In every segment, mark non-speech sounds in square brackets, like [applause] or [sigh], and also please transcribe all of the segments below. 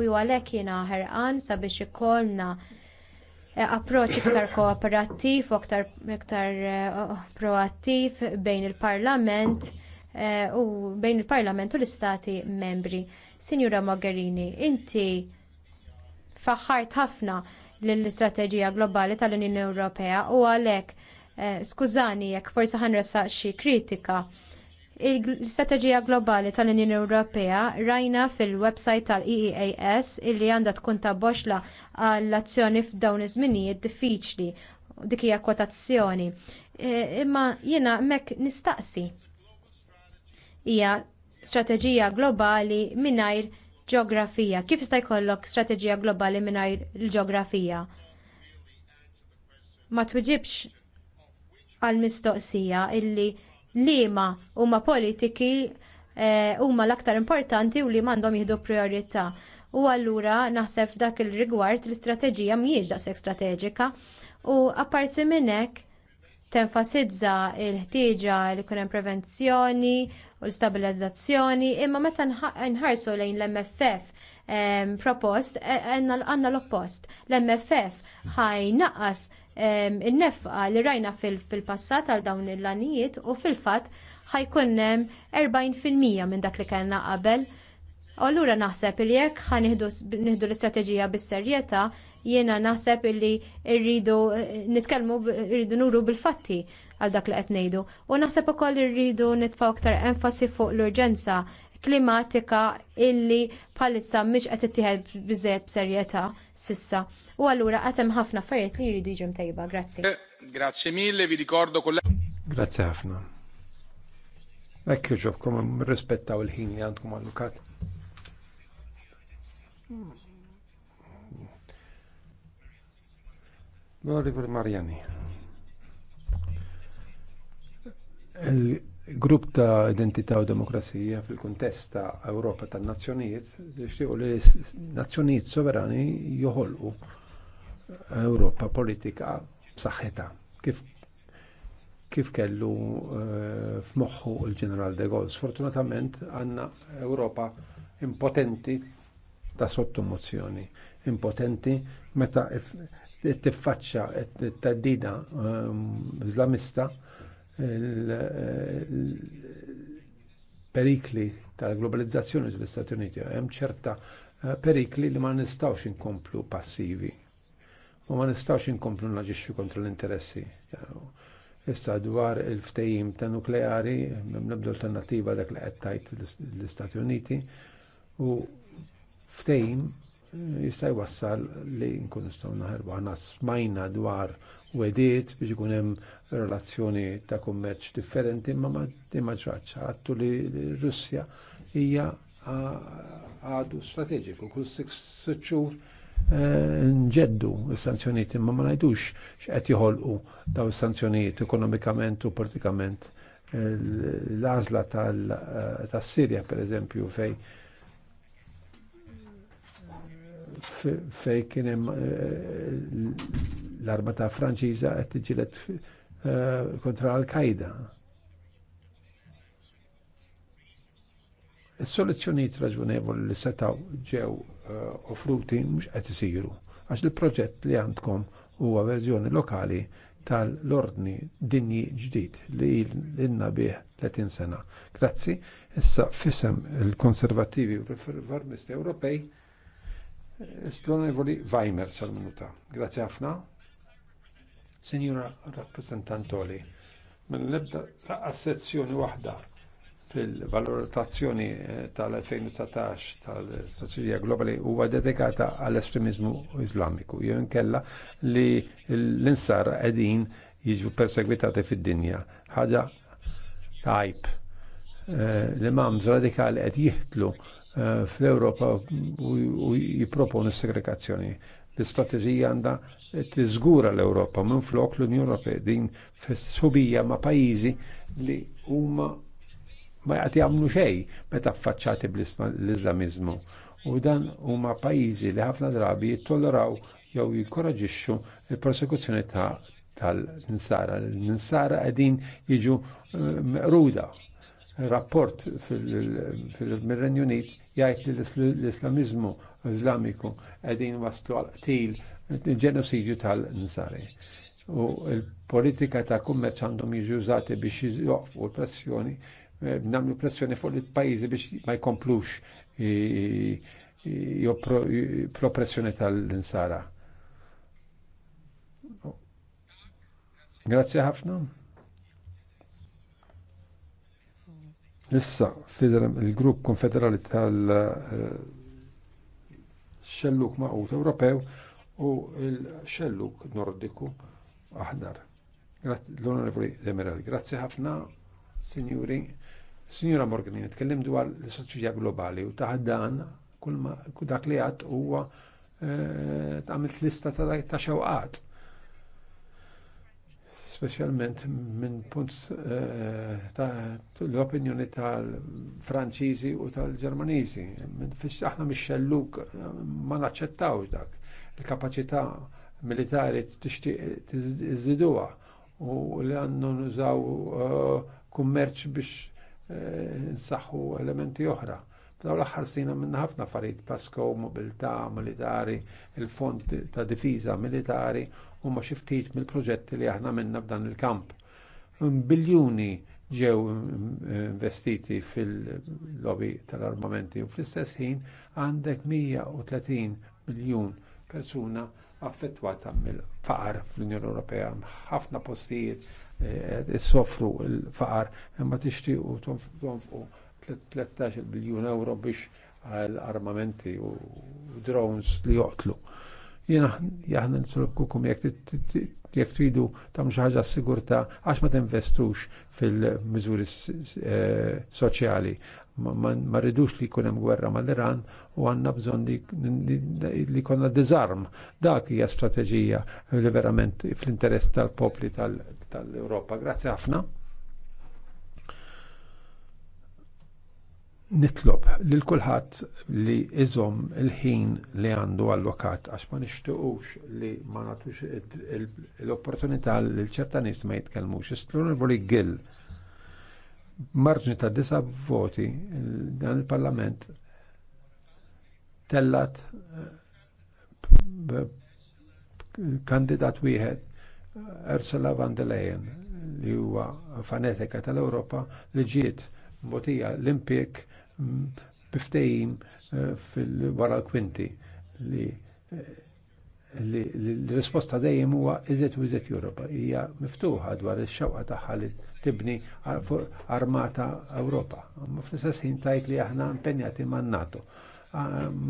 u għalhekk jiena ħerqan sabiex ikollna eh, approċċ iktar kooperattiv u iktar eh, oh, proattiv bejn il-Parlament eh, u bejn il-Parlament u l-Istati membri. Sinjura Mogherini, inti faħħart ħafna lill-istrateġija globali tal-Unjoni Ewropea u għalhekk skużani jekk forsi ħanresaq xi kritika Il-strategija globali tal-Unjoni Ewropea rajna fil-website tal-EEAS illi għandha tkun ta' boxla għall-azzjoni f'dawn iż-żminijiet diffiċli dik hija kwotazzjoni. E, imma jiena mek nistaqsi. Hija strateġija globali mingħajr ġeografija. Kif jista' jkollok strateġija globali mingħajr l ġeografija Ma twiġibx għall mistoqsija illi liema huma politiki eh, huma l-aktar importanti u li għandhom jieħdu priorità. U allura naħseb f'dak il-rigward l-istrateġija mhijiex daqshekk strateġika. U apparti minn hekk tenfasizza l-ħtieġa li jkun hemm prevenzjoni u l-stabilizzazzjoni, imma meta nħarsu lejn l-MFF eh, propost eh, għandna l-oppost. L-MFF ħajnaqqas in-nefqa li rajna fil-passat għal dawn il-lanijiet u fil-fatt ħajkun hemm 40% minn dak li kellna qabel. U allura naħseb li jekk ħa nieħdu l-istrateġija bis-serjetà, jiena naħseb li rridu nitkellmu rridu nuru bil-fatti għal dak li qed ngħidu. U naħseb ukoll irridu nitfa' aktar enfasi fuq l-urġenza klimatika illi bħalissa mhix qed ittieħed biżżejjed b'serjetà sissa. U allura qed hemm ħafna affarijiet li jridu jiġu mtejba. Grazzi. Eh, grazzi mille, vi ricordo Grazzi ħafna. Ekk ġobkom rispettaw il-ħin li għandkom allokat. L-Oliver Marjani grupp ta' identità u demokrazija fil-kuntest ta' Ewropa tan-nazzjonijiet xtiequ li nazzjonijiet soverani joħolqu Ewropa politika b'saħħitha kif kif kellu f'moħħu l-ġeneral de Gaulle. Sfortunatament għandna Ewropa impotenti ta' sottomozzjoni, impotenti meta tiffaċċa t-taddida Islamista perikli tal-globalizzazzjoni tal-Istati Uniti. Hemm ċerta perikli li ma nistawx inkomplu passivi. U ma nistawx inkomplu naġixxu kontra l-interessi. Issa dwar il-ftejim ta' nukleari, nibdu alternativa dak li qed tajt l-Istati Uniti, u ftejim jista' jwassal li nkun nistgħu naħarbu. Aħna smajna dwar wedit biex ikun hemm relazzjoni ta' kummerċ differenti ma ma Għattu li Russja hija għadu strateġiku kull six xhur eh, nġeddu s-sanzjoniet imma ma ngħidux x'qed joħolqu daw is-sanzjonijiet ekonomikament u politikament l-għażla tas-Sirja pereżempju fej fej kien hemm eh, l armata ta' Franċiża qed tiġilet eh, kontra l qaida Is-soluzzjonijiet raġunevoli li setaw ġew eh, offruti mhux qed isiru għax il-proġett li għandkom huwa verżjoni lokali tal-ordni dinji ġdid li l-inna bih 30 sena. Grazzi, issa fissem il-konservativi u reformisti Ewropej, eh, l-onorevoli Weimer sal-minuta. Grazzi ħafna. Sinjura Rappresentantoli, l ebda sezzjoni wahda fil-valutazzjoni eh, tal-2019 tal-Strategija Globali huwa dedikata għall-estremizmu Islamiku. Jew kella li l-insar qegħdin jiġu persegwitati fid-dinja. Ħaġa tajb. Eh, L-imams radikali qed jihtlu eh, fl-Ewropa u jipproponu segregazzjoni. L-istrateġija għandha tiżgura l-Ewropa minn flok l-Unjoni Ewropea din fis-subija ma' pajjiżi li huma ma jgħat jagħmlu xejn meta affaċċati bl-Islamiżmu. U dan huma pajjiżi li ħafna drabi jittolleraw jew jinkoraġixxu il-prosekuzzjoni ta' tal-ninsara. L-ninsara qegħdin jiġu meqruda. Rapport fil-Renju Unit jgħid li l-Islamiżmu Islamiku qegħdin waslu għal qtil ġenosidju tal-nżari. U l-politika ta' kummerċ għandhom jiġu użati biex joqfu l-pressjoni, eh, namlu pressjoni fuq il-pajjiżi biex ma jkomplux l-oppressjoni tal-insara. Grazie ħafna. Issa, il-grupp konfederali tal- uh, xelluk maqut Ewropew u l-xelluk nordiku aħdar. L-Onorevoli Demerel, grazzi ħafna, Signori. Signora Morgan, nitkellem dwar l-istrateġija globali u taħdan kull dak li għad huwa eh, għamilt lista ta' xewqat specialment minn punt eh, ta' l-opinjoni tal-Franċiżi u tal-Ġermaniżi. Aħna mix-xelluk ma naċċettawx dak. Il-kapaċità militari t-izziduwa u li għandu nużaw eh, kummerċ biex eh, nsaħħu elementi oħra. Daw l-aħħar sina minn ħafna affarijiet PASKO mobilità militari, il-fond ta' difiża militari huma xi ftit mill-proġetti li aħna minna f'dan il-kamp. Um, biljuni ġew investiti fil-lobby tal-armamenti u fl-istess ħin għandek 130 miljun persuna affettwata mill-faqar fl-Unjoni Ewropea. Ħafna postijiet eh, eh, soffru l-faqar imma u tonfqu 13 biljun euro biex għal armamenti u drones li joqtlu. Jiena jaħna nitlobkukom jekk tridu tam xi ħaġa sigurtà għax ma tinvestux fil-miżuri eh, soċjali. Ma rridux li jkun hemm gwerra mal-Iran u għandna bżonn li jkollna diżarm. Dak hija strateġija li verament fl-interess tal-popli tal-Ewropa. Grazzi ħafna. nitlob lil kulħadd li iżom il-ħin li għandu allokat għax ma nixtiequx li ma nagħtux l-opportunità li ċerta nies ma jitkellmux. Istlunervoli Gill marġni ta' disa voti dan il-Parlament tellat eh, kandidat wieħed Ursula Van der Leyen li huwa fanetika tal-Ewropa li ġiet votija l-impjek biftejim eh, fil-wara l-kwinti eh, li l-risposta dejjem huwa iżet u iżet Europa hija miftuħa dwar ix-xewqa tagħha li tibni armata Ewropa. Ma fl-istess ħin tajt li aħna impenjati man-NATO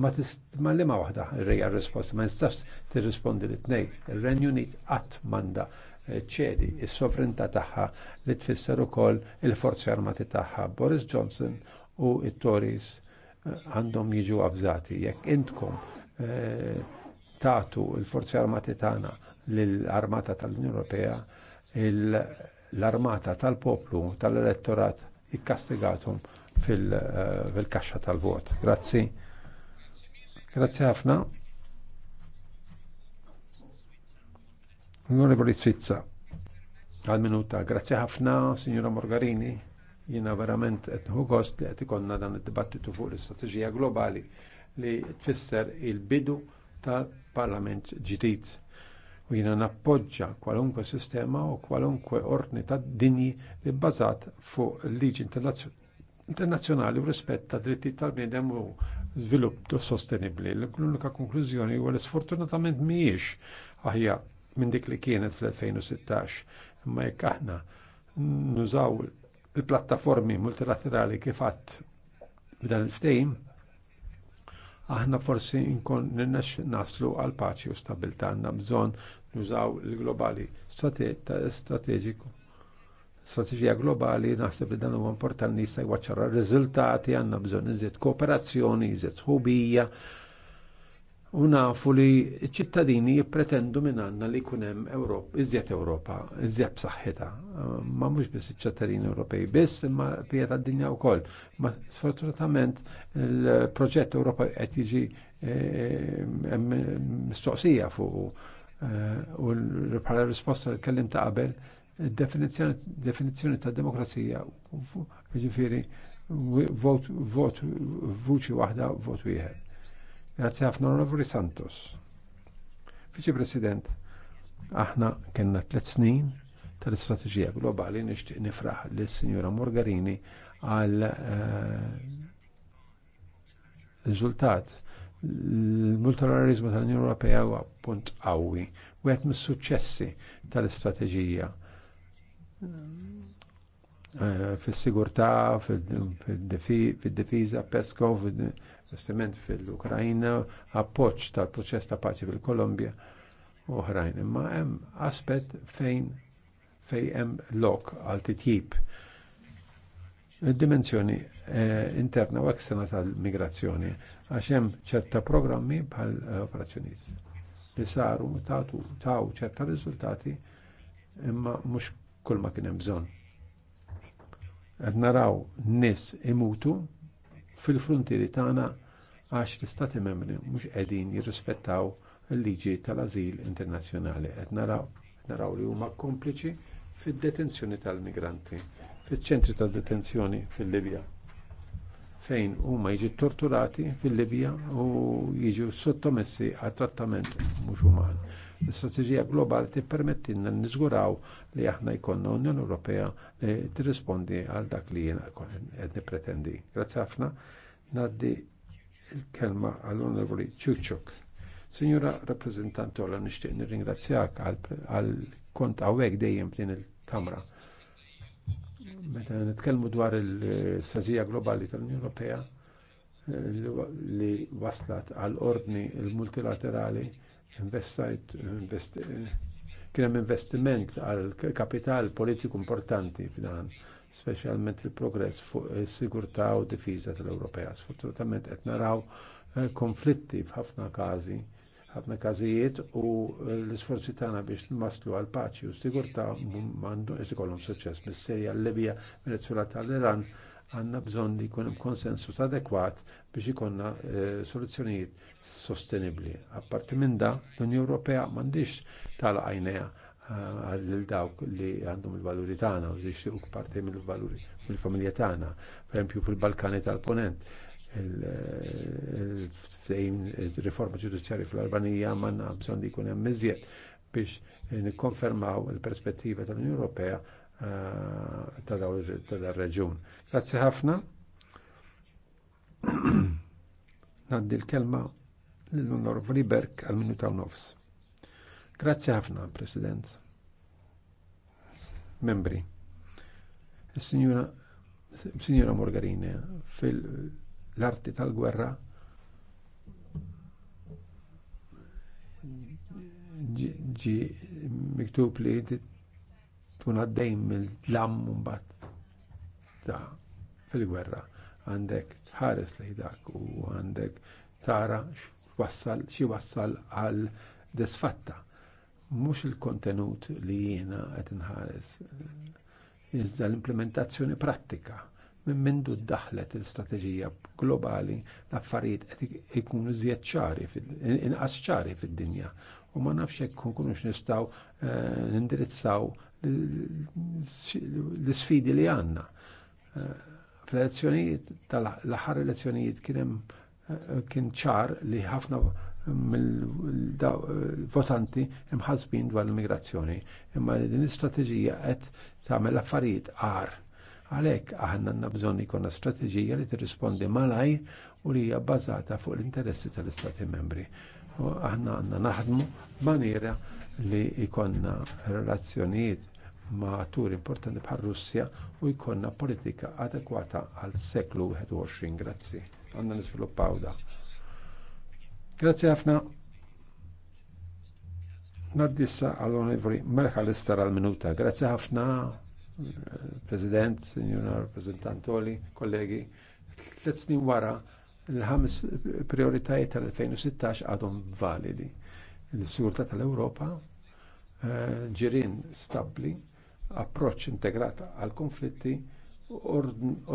ma li ma liema r-reja risposta, ma nistax tirrispondi li tnejn. ir renju Unit qatt manda eh, ċedi is sovrinta tagħha li tfisser ukoll il-forzi armati tagħha Boris Johnson u it toris eh, għandhom jiġu avżati. Jekk intkom eh, tatu l-Forzi Armati tana lill-Armata tal-Unjoni Ewropea, l-Armata tal-Poplu tal-Elettorat jikkastigatum eh, fil-kaxxa tal-vot. Grazzi. Grazzi ħafna. Onorevoli Svizza, għal minuta. Grazzi ħafna, signora Morgarini. Jina verament qed nħu gost li qed ikonna dan id-dibattitu fuq l-istrateġija globali li tfisser il-bidu tal-Parlament ġdid. U jina nappoġġa kwalunkwe sistema u kwalunkwe ordni ta' dinji li bbażat fuq liġi internazzjonali u rispett ta' dritti tal-bniedem u svilupp sostenibbli. L-unika konklużjoni u l sfortunatament mhijiex aħja minn dik li kienet fl-2016. Imma jekk aħna nużaw il-plattaformi multilaterali kif għadd b'dan il-ftehim aħna forsi nkun ninnex naslu għal paċi u stabilta għandna bżonn nużaw il-globali strateġiku. Strateġija globali naħseb li dan huwa importanti jista' jwaċċara riżultati, għandna bżonn iżjed kooperazzjoni, iżjed sħubija, u nafu li ċittadini jippretendu minn għandna li jkun hemm Ewropa, iżjed Ewropa, iżjed b'saħħita, Ma mhux biss iċ-ċittadini Ewropej biss, imma pija tad-dinja wkoll. Ma sfortunatament il-proġett Ewropa qed jiġi eh, mistoqsija fuq eh, u bħala risposta li kellim ta' qabel definizzjoni ta' demokrazija ġifiri, vot vuċi waħda vot wieħed Grazie ħafna Onorevoli Santos. Viċi President, aħna kellna tliet snin tal-istrateġija globali nixtieq nifraħ lis sinjura Morgarini għal riżultat. L-multilateralizmu tal-Unjoni Ewropea huwa punt qawwi u qed mis-suċċessi tal-istrateġija fis-sigurtà, fid-difiża, pesco, fil investiment fil-Ukrajna, appoġġ tal-proċess ta' paċi fil-Kolombja u oħrajn. Imma hemm aspett fejn fejn hemm lok għal titjib. Id-dimensjoni eh, interna u eksterna tal-migrazzjoni għax hemm ċerta programmi bħal eh, operazzjonijiet li saru tatu taw ċerta riżultati imma mhux kull ma kien hemm bżonn. Qed naraw nies imutu fil-frontieri tagħna għax l-istati membri mhux qegħdin jirrispettaw il-liġi tal-azil internazzjonali. Qed naraw li huma kompliċi fid-detenzjoni tal-migranti fiċ-ċentri tad-detenzjoni fil-Libja fejn huma jiġu torturati fil-Libja u jiġu sottomessi għat trattament mhux uman. L-istrateġija globali tippermettilna niżguraw li aħna jkollna Unjoni Ewropea li tirrispondi għal dak li jien qed nippretendi. Grazzi ħafna. Naddi il-kelma għall-Onorevoli Ċuċċok. Signora rappresentant nishtiq nir-ringrazzjak għal kont għawek dejjem din il-Kamra. Meta nitkellmu dwar il-strategija globali tal-Unjoni Ewropea li waslat għal ordni il-multilaterali investajt invest, kien hemm investiment għal kapital politiku importanti f'dan speċjalment il-progress fuq sigurtà u difiża tal-Ewropea. Sfortunatament qed naraw eh, konflitti f'ħafna każi ħafna każijiet u l-isforzi tagħna biex nmaslu għal paċi u sigurtà m'għandu qed ikollhom suċċess mis-Sirja, l-Libja, Venezuela tal-Iran għandna bżonn li jkun hemm konsensus adekwat biex ikonna eh, soluzzjonijiet sostenibbli. Apparti minn da, l-Unjoni Ewropea m'għandix tal-għajnejha għal dawk li għandhom il-valuri tagħna u li jixtiequ parti mill-valuri mill-familja tagħna. Pereżempju fil-Balkani tal-Ponent il-ftejn riforma ġudizzjarja fl-Albanija manna bżonn li jkun hemm miżjed biex nikkonfermaw il-perspettiva tal-Unjoni Ewropea eh, ta' dawn reġun Grazzi ħafna. [clears throat] Naddi l-kelma l unor Vriberg għal-minuta nofs. Grazzi ħafna, President. Membri. Signora, signora Morgarine, fil-arti tal-gwerra ġi miktub li tkun għaddejn mill lam mbagħad ta' fil-gwerra għandek tħares li dak u għandek tara xi wassal għal desfatta mhux il-kontenut li jiena qed inħares iżda l-implementazzjoni prattika minn mindu ddaħlet il-strateġija globali l-affarijiet qed ikunu żjed ċari inqas ċari fid-dinja u ma nafx hekk nkunux nistgħu eh, nindirizzaw l-sfidi li għandna. Eh, fl-elezzjonijiet tal-aħħar elezzjonijiet kien hemm eh, kien ċar li ħafna mill-votanti imħazbin dwar l-immigrazzjoni. Imma din l-istrateġija qed tagħmel affarijiet għar. Għalhekk aħna għandna bżonn ikun strateġija li tirrispondi malajr u li hija bbażata fuq l-interessi tal-Istati membri. U aħna għandna naħdmu maniera li jkollna relazzjonijiet ma' tur importanti bħal Russja u jkollna politika adekwata għal seklu 21. Grazzi. Għandna nisviluppaw da. Grazzi ħafna. Naddissa għall-onorevoli l istar għal-minuta. Grazzi ħafna, President, Signora Rappresentantoli, kollegi. Tlet snin wara, l-ħames prioritajiet tal-2016 għadhom validi. l sigurta tal europa eh, ġirin stabli, approċċ integrat għal konflitti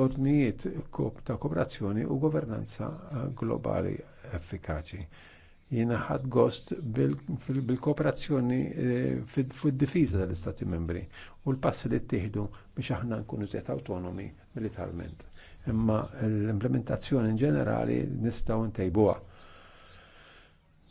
ordnijiet ta' kooperazzjoni u governanza eh, globali effikaċi. Jiena ħadd gost bil-kooperazzjoni eh, fid-difiża tal-Istati membri u l-passi li ttieħdu biex aħna nkunu żejt autonomi militarment. Imma l-implementazzjoni ġenerali nistgħu ntejbuha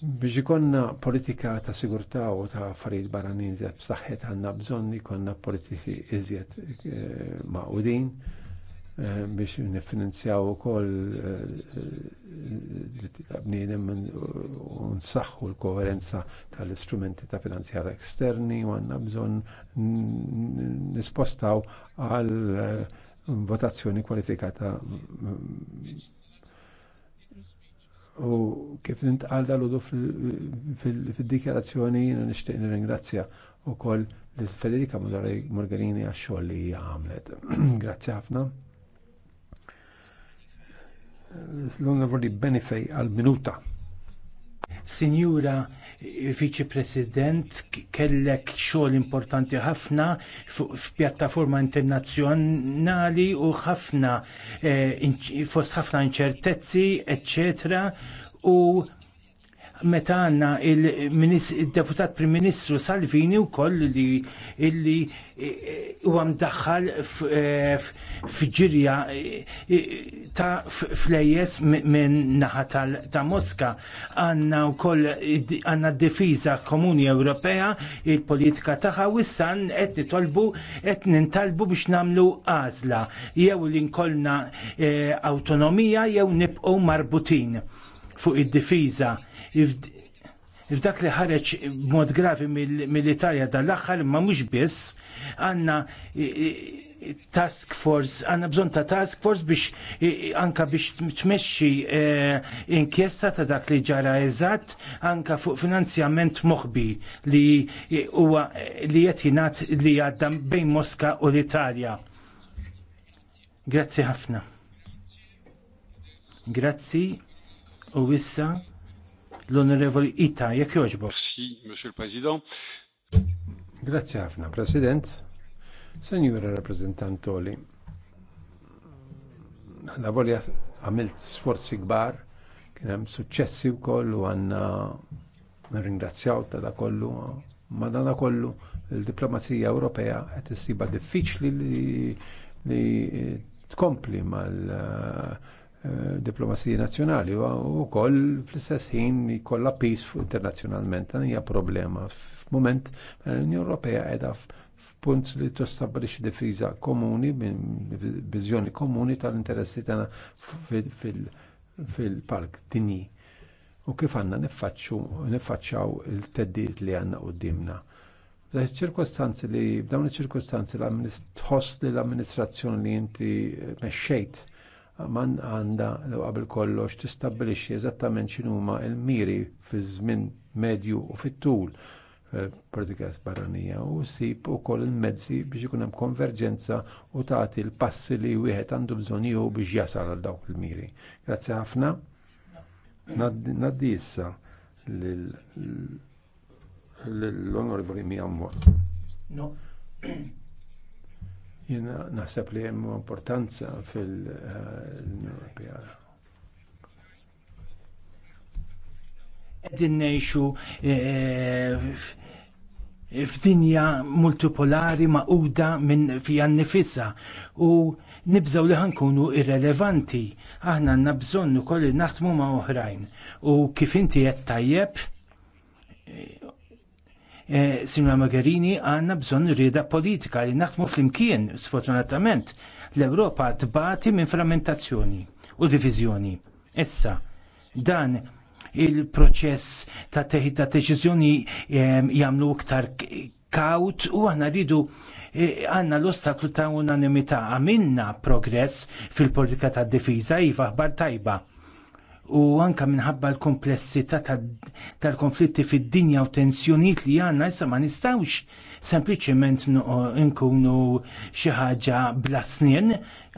Biex ikonna politika ta' sigurtà u ta' affarijiet barranin iżjed b'saħħet għandna bżonn ikonna politiki iżjed eh, maqudin eh, biex nifinanzjaw ukoll eh, ta' bniedem u nsaħħu l-koherenza tal-istrumenti ta' finanzjar eksterni u għandna bżonn nispostaw għal votazzjoni kwalifikata U kif nintqal dal-udu fil-dikjarazzjoni jina nishtiq nirringrazzja u koll Federica Mudari għax-xogħol li hija għamlet. [clears throat] Grazzi ħafna. l vordi benefej għal-minuta. Sinjura Viċi President, kellek xogħol importanti ħafna f'pjattaforma internazzjonali u ħafna eh, fost ħafna inċertezzi, eċċetera, u meta għanna il-deputat Prim Ministru Salvini u koll li illi huwa e, e, mdaħħal e, f'ġirja ta' flejjes minn naħa ta' Moska. Għanna u koll għanna d-difiża komuni Ewropea, il-politika tagħha u s-san qed nitolbu qed nintalbu biex namlu għażla jew li nkollna e, autonomija jew nibqgħu marbutin fuq id-difiża F'dak li ħareġ mod gravi mill-Italja dal-aħħar ma mhux biss għandna task force, għanna bżon ta' task force biex anka biex tmexxi e, inkjesta ta' dak li ġara eżatt anka fuq finanzjament moħbi li huwa li qed jingħad li għadda bejn Moska u l-Italja. Grazzi ħafna. Grazzi u wissa l-Onorevoli Ita, jekk joġbor. Merci, Monsieur le Président. Grazie ħafna, President. Senjura Rappresentantoli, la volja għamilt sforzi gbar, kien hemm suċċessi wkoll u għandna nirringrazzjaw ta' da kollu, ma da kollu il-diplomazija Ewropea qed issiba diffiċli li, li tkompli mal Eh, diplomazija nazzjonali u wkoll fl-istess ħin jkollha peace internazzjonalment dan hija problema. F'mument l-Unjoni Ewropea qiegħda f'punt li tostabbilixxi difiża komuni viżjoni komuni tal-interessi tagħna fil-park dinji. U kif għandna niffaċċaw il-teddiet li għandna qudiemna. F'dawn iċ-ċirkostanzi li b'dawn iċ-ċirkostanzi tħoss li l-amministrazzjoni li inti mexxejt man għandha l qabel kollox tistabbilixxi eżattament x'inhuma l-miri fiż-żmien medju u fit-tul politika barranija u sib ukoll il-mezzi biex ikun hemm konverġenza u tagħti l-passi li wieħed għandu bżonn jew biex jasal għal dawk il-miri. Grazzi ħafna. Naddi issa l-onorevoli Mijan No. Jiena naħseb li hemm importanza fil-Unjoni Ewropea. Qegħdin ngħixu eh, f'dinja multipolari maquda minn fija nifisa u nibżaw li ħankunu irrelevanti. Aħna għandna bżonn ukoll naħdmu ma' oħrajn. U kif inti qed tajjeb Eh, Sinjora Mogherini għandna bżonn rida politika li naħdmu flimkien, sfortunatament, l-Ewropa tbati minn frammentazzjoni u diviżjoni. Issa, dan il-proċess ta' teħid ta' deċiżjoni ehm, jagħmlu iktar kaut u aħna rridu e, għanna l-ostaklu ta' unanimità għamilna progress fil-politika tad difiża iva ħbar tajba u anka minħabba l-komplessità tal-konflitti fid-dinja u tensjonijiet li għandna issa ma nistawx sempliċement nkunu xi ħaġa bla snien,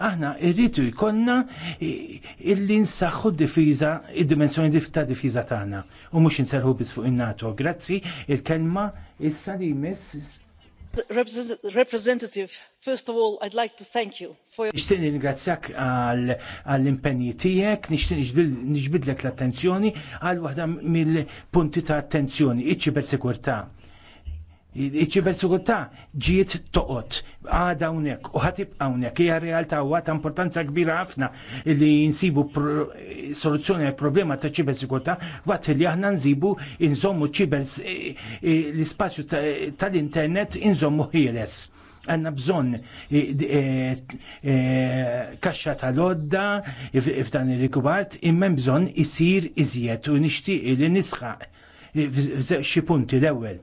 aħna rridu jkollna illi nsaħħu d-difiża id-dimensjoni ta' difiża tagħna u mhux inserħu biss fuq in-NATO. Grazzi, il-kelma issa li miss. Representative, first of all, I'd like to thank you for your... għall-impenji tiegħek, nixtieq niġbidlek l-attenzjoni għal waħda mill-punti ta' attenzjoni, iċċi per sekurta' iċ-ċibersigurtà ġiet toqgħod għada hawnhekk u ħatibqa' hawnhekk hija realtà u ta' importanza kbira ħafna li nsibu soluzzjoni għal problema ta' ċibersigurtà waqt li aħna nsibu inżommu ċiber eh, eh, l-ispazju tal-internet nżommu ħieles għanna bżon eh, kaxxa tal-odda f'dan il-rikubart imman bżon isir iżjed u nixtieq li nisħaq xi punti l-ewwel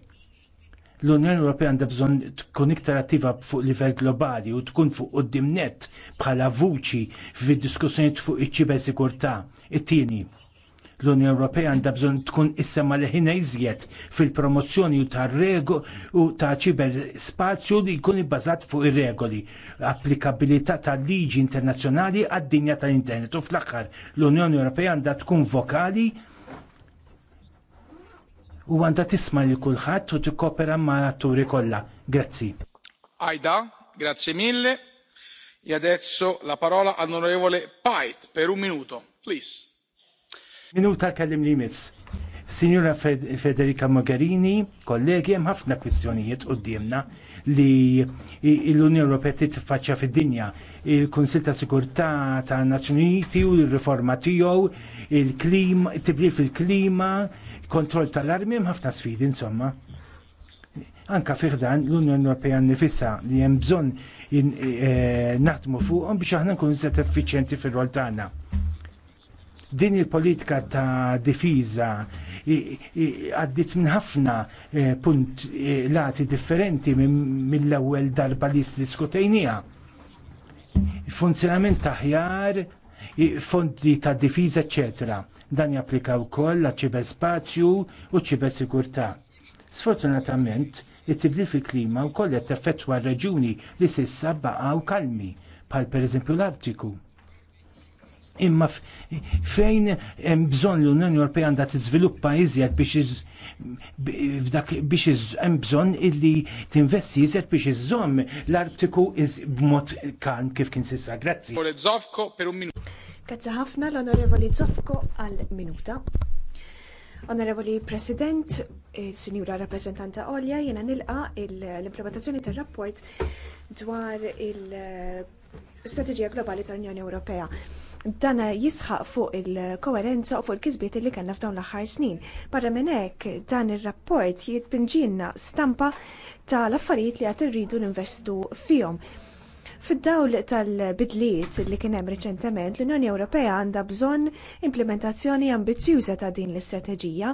l-Unjoni Ewropea għandha bżonn tkun iktar attiva fuq livell globali u tkun fuq qudiem nett bħala vuċi fid-diskussjonijiet fuq iċ-ċiber It-tieni, l-Unjoni Ewropea għandha bżonn tkun issemma leħina iżjed fil-promozzjoni tar-regoli u ta' ċiber spazju li jkun ibbażat fuq ir-regoli, applikabilità ta' liġi internazzjonali għad-dinja tal-internet u fl-aħħar l-Unjoni Ewropea għandha tkun vokali u għandha tisma' li kulħadd u tikkopera mal-atturi kollha. Grazzi. Ajda, grazzi mille. E adesso la parola all'onorevole Pait per un minuto, please. Minuta kellim li miss. Signora Federica Mogherini, kollegi, hemm ħafna kwistjonijiet djemna li l-Unjoni Ewropea tiffaċċja fid-dinja. Il-Kunsil ta' Sigurtà ta' Nazzjoni Uniti u l-riforma tiegħu, il-klima, tibdil fil-klima, kontroll tal-armi hemm ħafna sfidi insomma. Anka fiħdan l-Unjoni Ewropea nifissa li hemm bżonn e, e, naħdmu fuqhom biex aħna nkunu set effiċjenti fir-rol tagħna. Din il-politika ta' difiża għaddit minn ħafna e, punt lati differenti mill-ewwel darba li diskutejnija. Funzjonament taħjar fondi ta' difiża, eċetera. Dan japplika wkoll la ċiber spazju u ċiber sigurtà. Sfortunatament, it-tibdil fil-klima wkoll qed teffettwa r reġuni li sissa baqgħu kalmi, bħal pereżempju l-Artiku. Imma fejn hemm bżonn l-Unjoni Ewropea għandha tiżviluppa iżjed biex f'dak biex hemm bżonn illi tinvesti iżjed biex iżżomm l-Artiku b'mod kalm kif kien sissa. Grazzi. Grazzi ħafna l-Onorevoli Zofko għal minuta. Onorevoli President, eh, Sinjura Rappresentanta Olja, jena nilqa l-implementazzjoni tar-rapport dwar il-Strategija Globali tal-Unjoni Ewropea dan jisħaq fuq il-koerenza u fuq il-kisbiet li kellna f'dawn l-aħħar snin. Barra minn hekk dan ir-rapport jitpinġilna stampa tal-affarijiet li qed irridu ninvestu fihom. Fid-dawl tal-bidliet li kien hemm riċentement, l-Unjoni Ewropea għandha bżonn implementazzjoni ambizzjuża ta' din l-istrateġija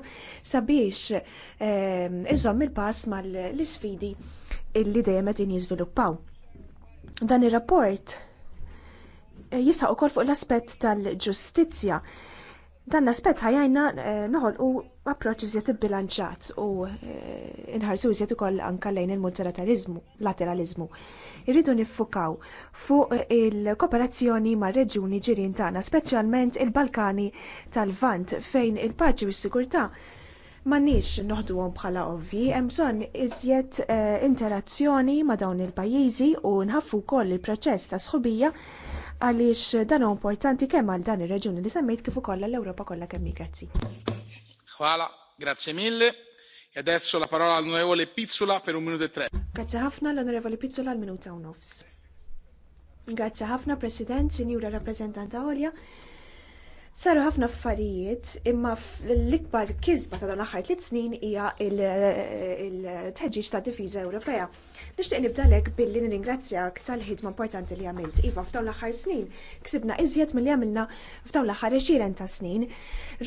sabiex ehm, iżomm il-pass mal-isfidi li dejjem qegħdin jiżviluppaw. Dan ir-rapport jisħaq ukoll fuq l-aspett tal-ġustizzja. Dan l-aspett ħajajna eh, noħolqu approċċ iżjed ibbilanċat u eh, inħarsu u ukoll anke lejn il-multilateralizmu, lateralizmu. Irridu niffukaw fuq il-kooperazzjoni mar reġuni ġirien tagħna, speċjalment il-Balkani tal-Vant fejn il-paċi u s-sigurtà M'għandniex noħduhom bħala ovvi hemm bżonn iżjed eh, interazzjoni ma' dawn il-pajjiżi u nħaffu wkoll il-proċess ta' sħubija għaliex dan huwa importanti kemm għal dan ir reġjun li semmejt kif ukoll l-Ewropa kollha kemm grazzi. Ħwala, grazzi mille. E adesso la parola all'onorevole Pizzula per un minuto e tre. Grazie ħafna l Pizzula għal minuta u nofs. Grazzi ħafna President, Sinjura Rappreżentanta Olja. Saru ħafna affarijiet imma l-ikbar kisba ta' dawn l-aħħar tliet snin hija il-teġġiġ ta' difiża Ewropea. Nixtieq nibdalek billi ningrazzjak tal-ħidma importanti li għamilt. Iva f'dawn l-aħħar snin ksibna iżjed milli għamilna f'dawn l-aħħar 20 ta' snin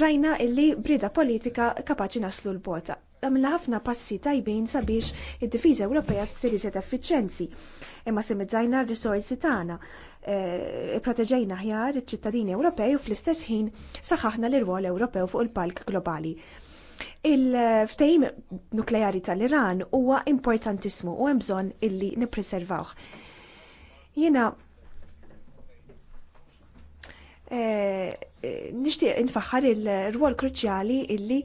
rajna illi brida politika kapaċi naslu l-bota għamilna ħafna passi tajbin sabiex id-difiża Ewropea tsir iżjed effiċjenzi. Imma miżajna r-risorsi tagħna, eh, proteġejna ħjar iċ-ċittadini Ewropej u fl-istess ħin saħaħna l-irwol Ewropew fuq il-palk globali. Il-ftehim nukleari tal-Iran huwa importantissimu u hemm bżonn illi nippreservawh. Jiena eh, nixtieq infaħħar il-rwol kruċjali illi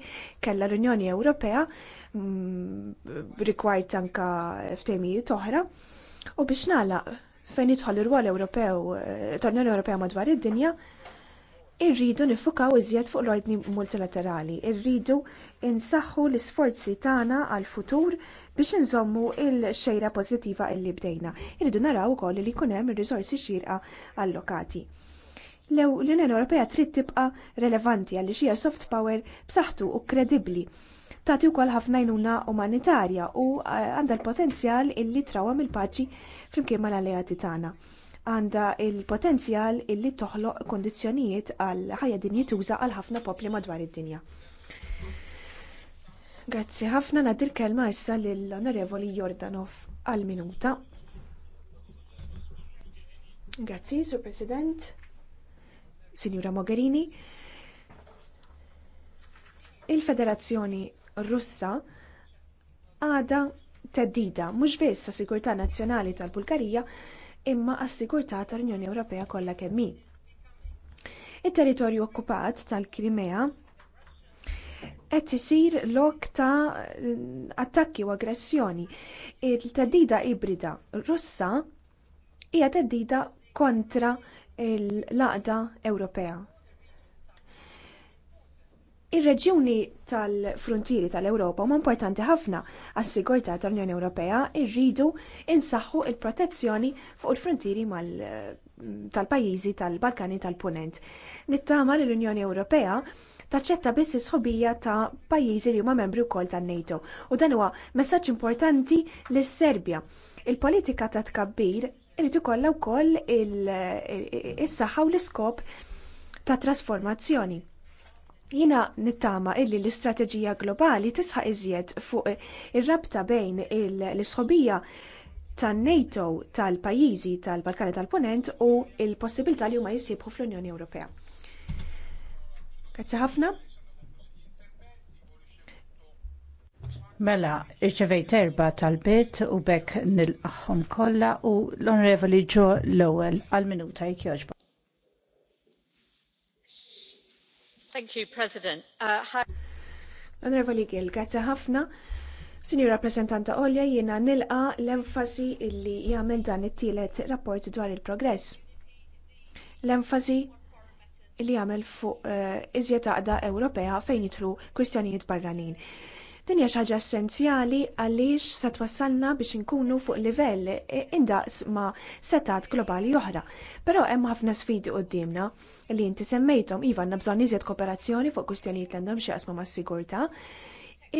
kellha l-Unjoni Ewropea mm, rikwajt anka ftemijiet oħra u biex nagħlaq fejn jidħol ir-rwol Ewropew eh, tal-Unjoni Ewropea madwar id-dinja irridu nifukaw iżjed fuq l-ordni multilaterali, irridu insaħħu l-isforzi tagħna għal futur biex inżommu il-xejra pożittiva illi bdejna. Irridu naraw ukoll li jkun hemm ir-riżorsi xierqa allokati lew l-Unjoni Ewropea trid tibqa' relevanti għaliex xija soft power b'saħħtu u kredibbli. Tagħti wkoll ħafna jnuna umanitarja u eh, għandha l-potenzjal illi trawam il-paċi flimkien mal-alleati tagħna. Għandha l-potenzjal illi toħloq kondizzjonijiet għal ħajja dinjituża għal ħafna popli madwar id-dinja. Grazzi ħafna l kelma issa lill-Onorevoli Jordanov għal minuta. Grazzi, Sur President. Sinjura Mogherini, il-Federazzjoni Russa għada teddida mhux biss għas sigurtà nazzjonali tal-Bulgarija imma għas sigurtà tal-Unjoni Ewropea kollha kemm hi. Il-territorju okkupat tal-Krimea qed isir lok ta' attakki u aggressjoni. Il-teddida ibrida Russa hija teddida kontra l għaqda Ewropea. Ir-reġjuni tal-frontieri tal-Ewropa huma importanti ħafna għas-sigurtà tal-Unjoni Ewropea rridu insaħħu l protezzjoni fuq il-frontieri tal-pajjiżi tal-Balkani tal-Punent. Nittama li l-Unjoni Ewropea taċċetta biss is-sħobija ta' pajjiżi li huma membri wkoll tan-NATO u dan huwa messaġġ importanti lis-Serbja. Il-politika ta' tkabbir Irid ikollha wkoll is-saħħa u l-iskop ta' trasformazzjoni. Jiena nittama illi l-istrateġija globali tisħaq iżjed fuq ir-rabta bejn l-isħobija tan-NATO tal-pajjiżi tal-Balkani tal-Punent u l-possibilità li huma jisibħu fl-Unjoni Ewropea. Grazzi ħafna. Mela, irċevejt erba tal-bit u bekk nil-qaħħom kollha u l-Onorevoli Ġo l ewel għal-minuta jkjoġba. Thank you, President. Uh, Onorevoli Gil, grazzi ħafna. Sinjura rappresentanta Olja jiena nilqa l-enfasi illi jagħmel dan it-tielet rapport dwar il-progress. L-enfasi li jagħmel fuq uh, iżjed Ewropea fejn jitlu kwistjonijiet barranin. Din hija xi ħaġa essenzjali għaliex se twassalna biex inkunu fuq livell indaqs ma' setat globali oħra. Però hemm ħafna sfidi qudiemna li inti semmejthom iva għandna bżonn iżjed kooperazzjoni fuq kwistjonijiet li għandhom xi qasma mas-sigurtà.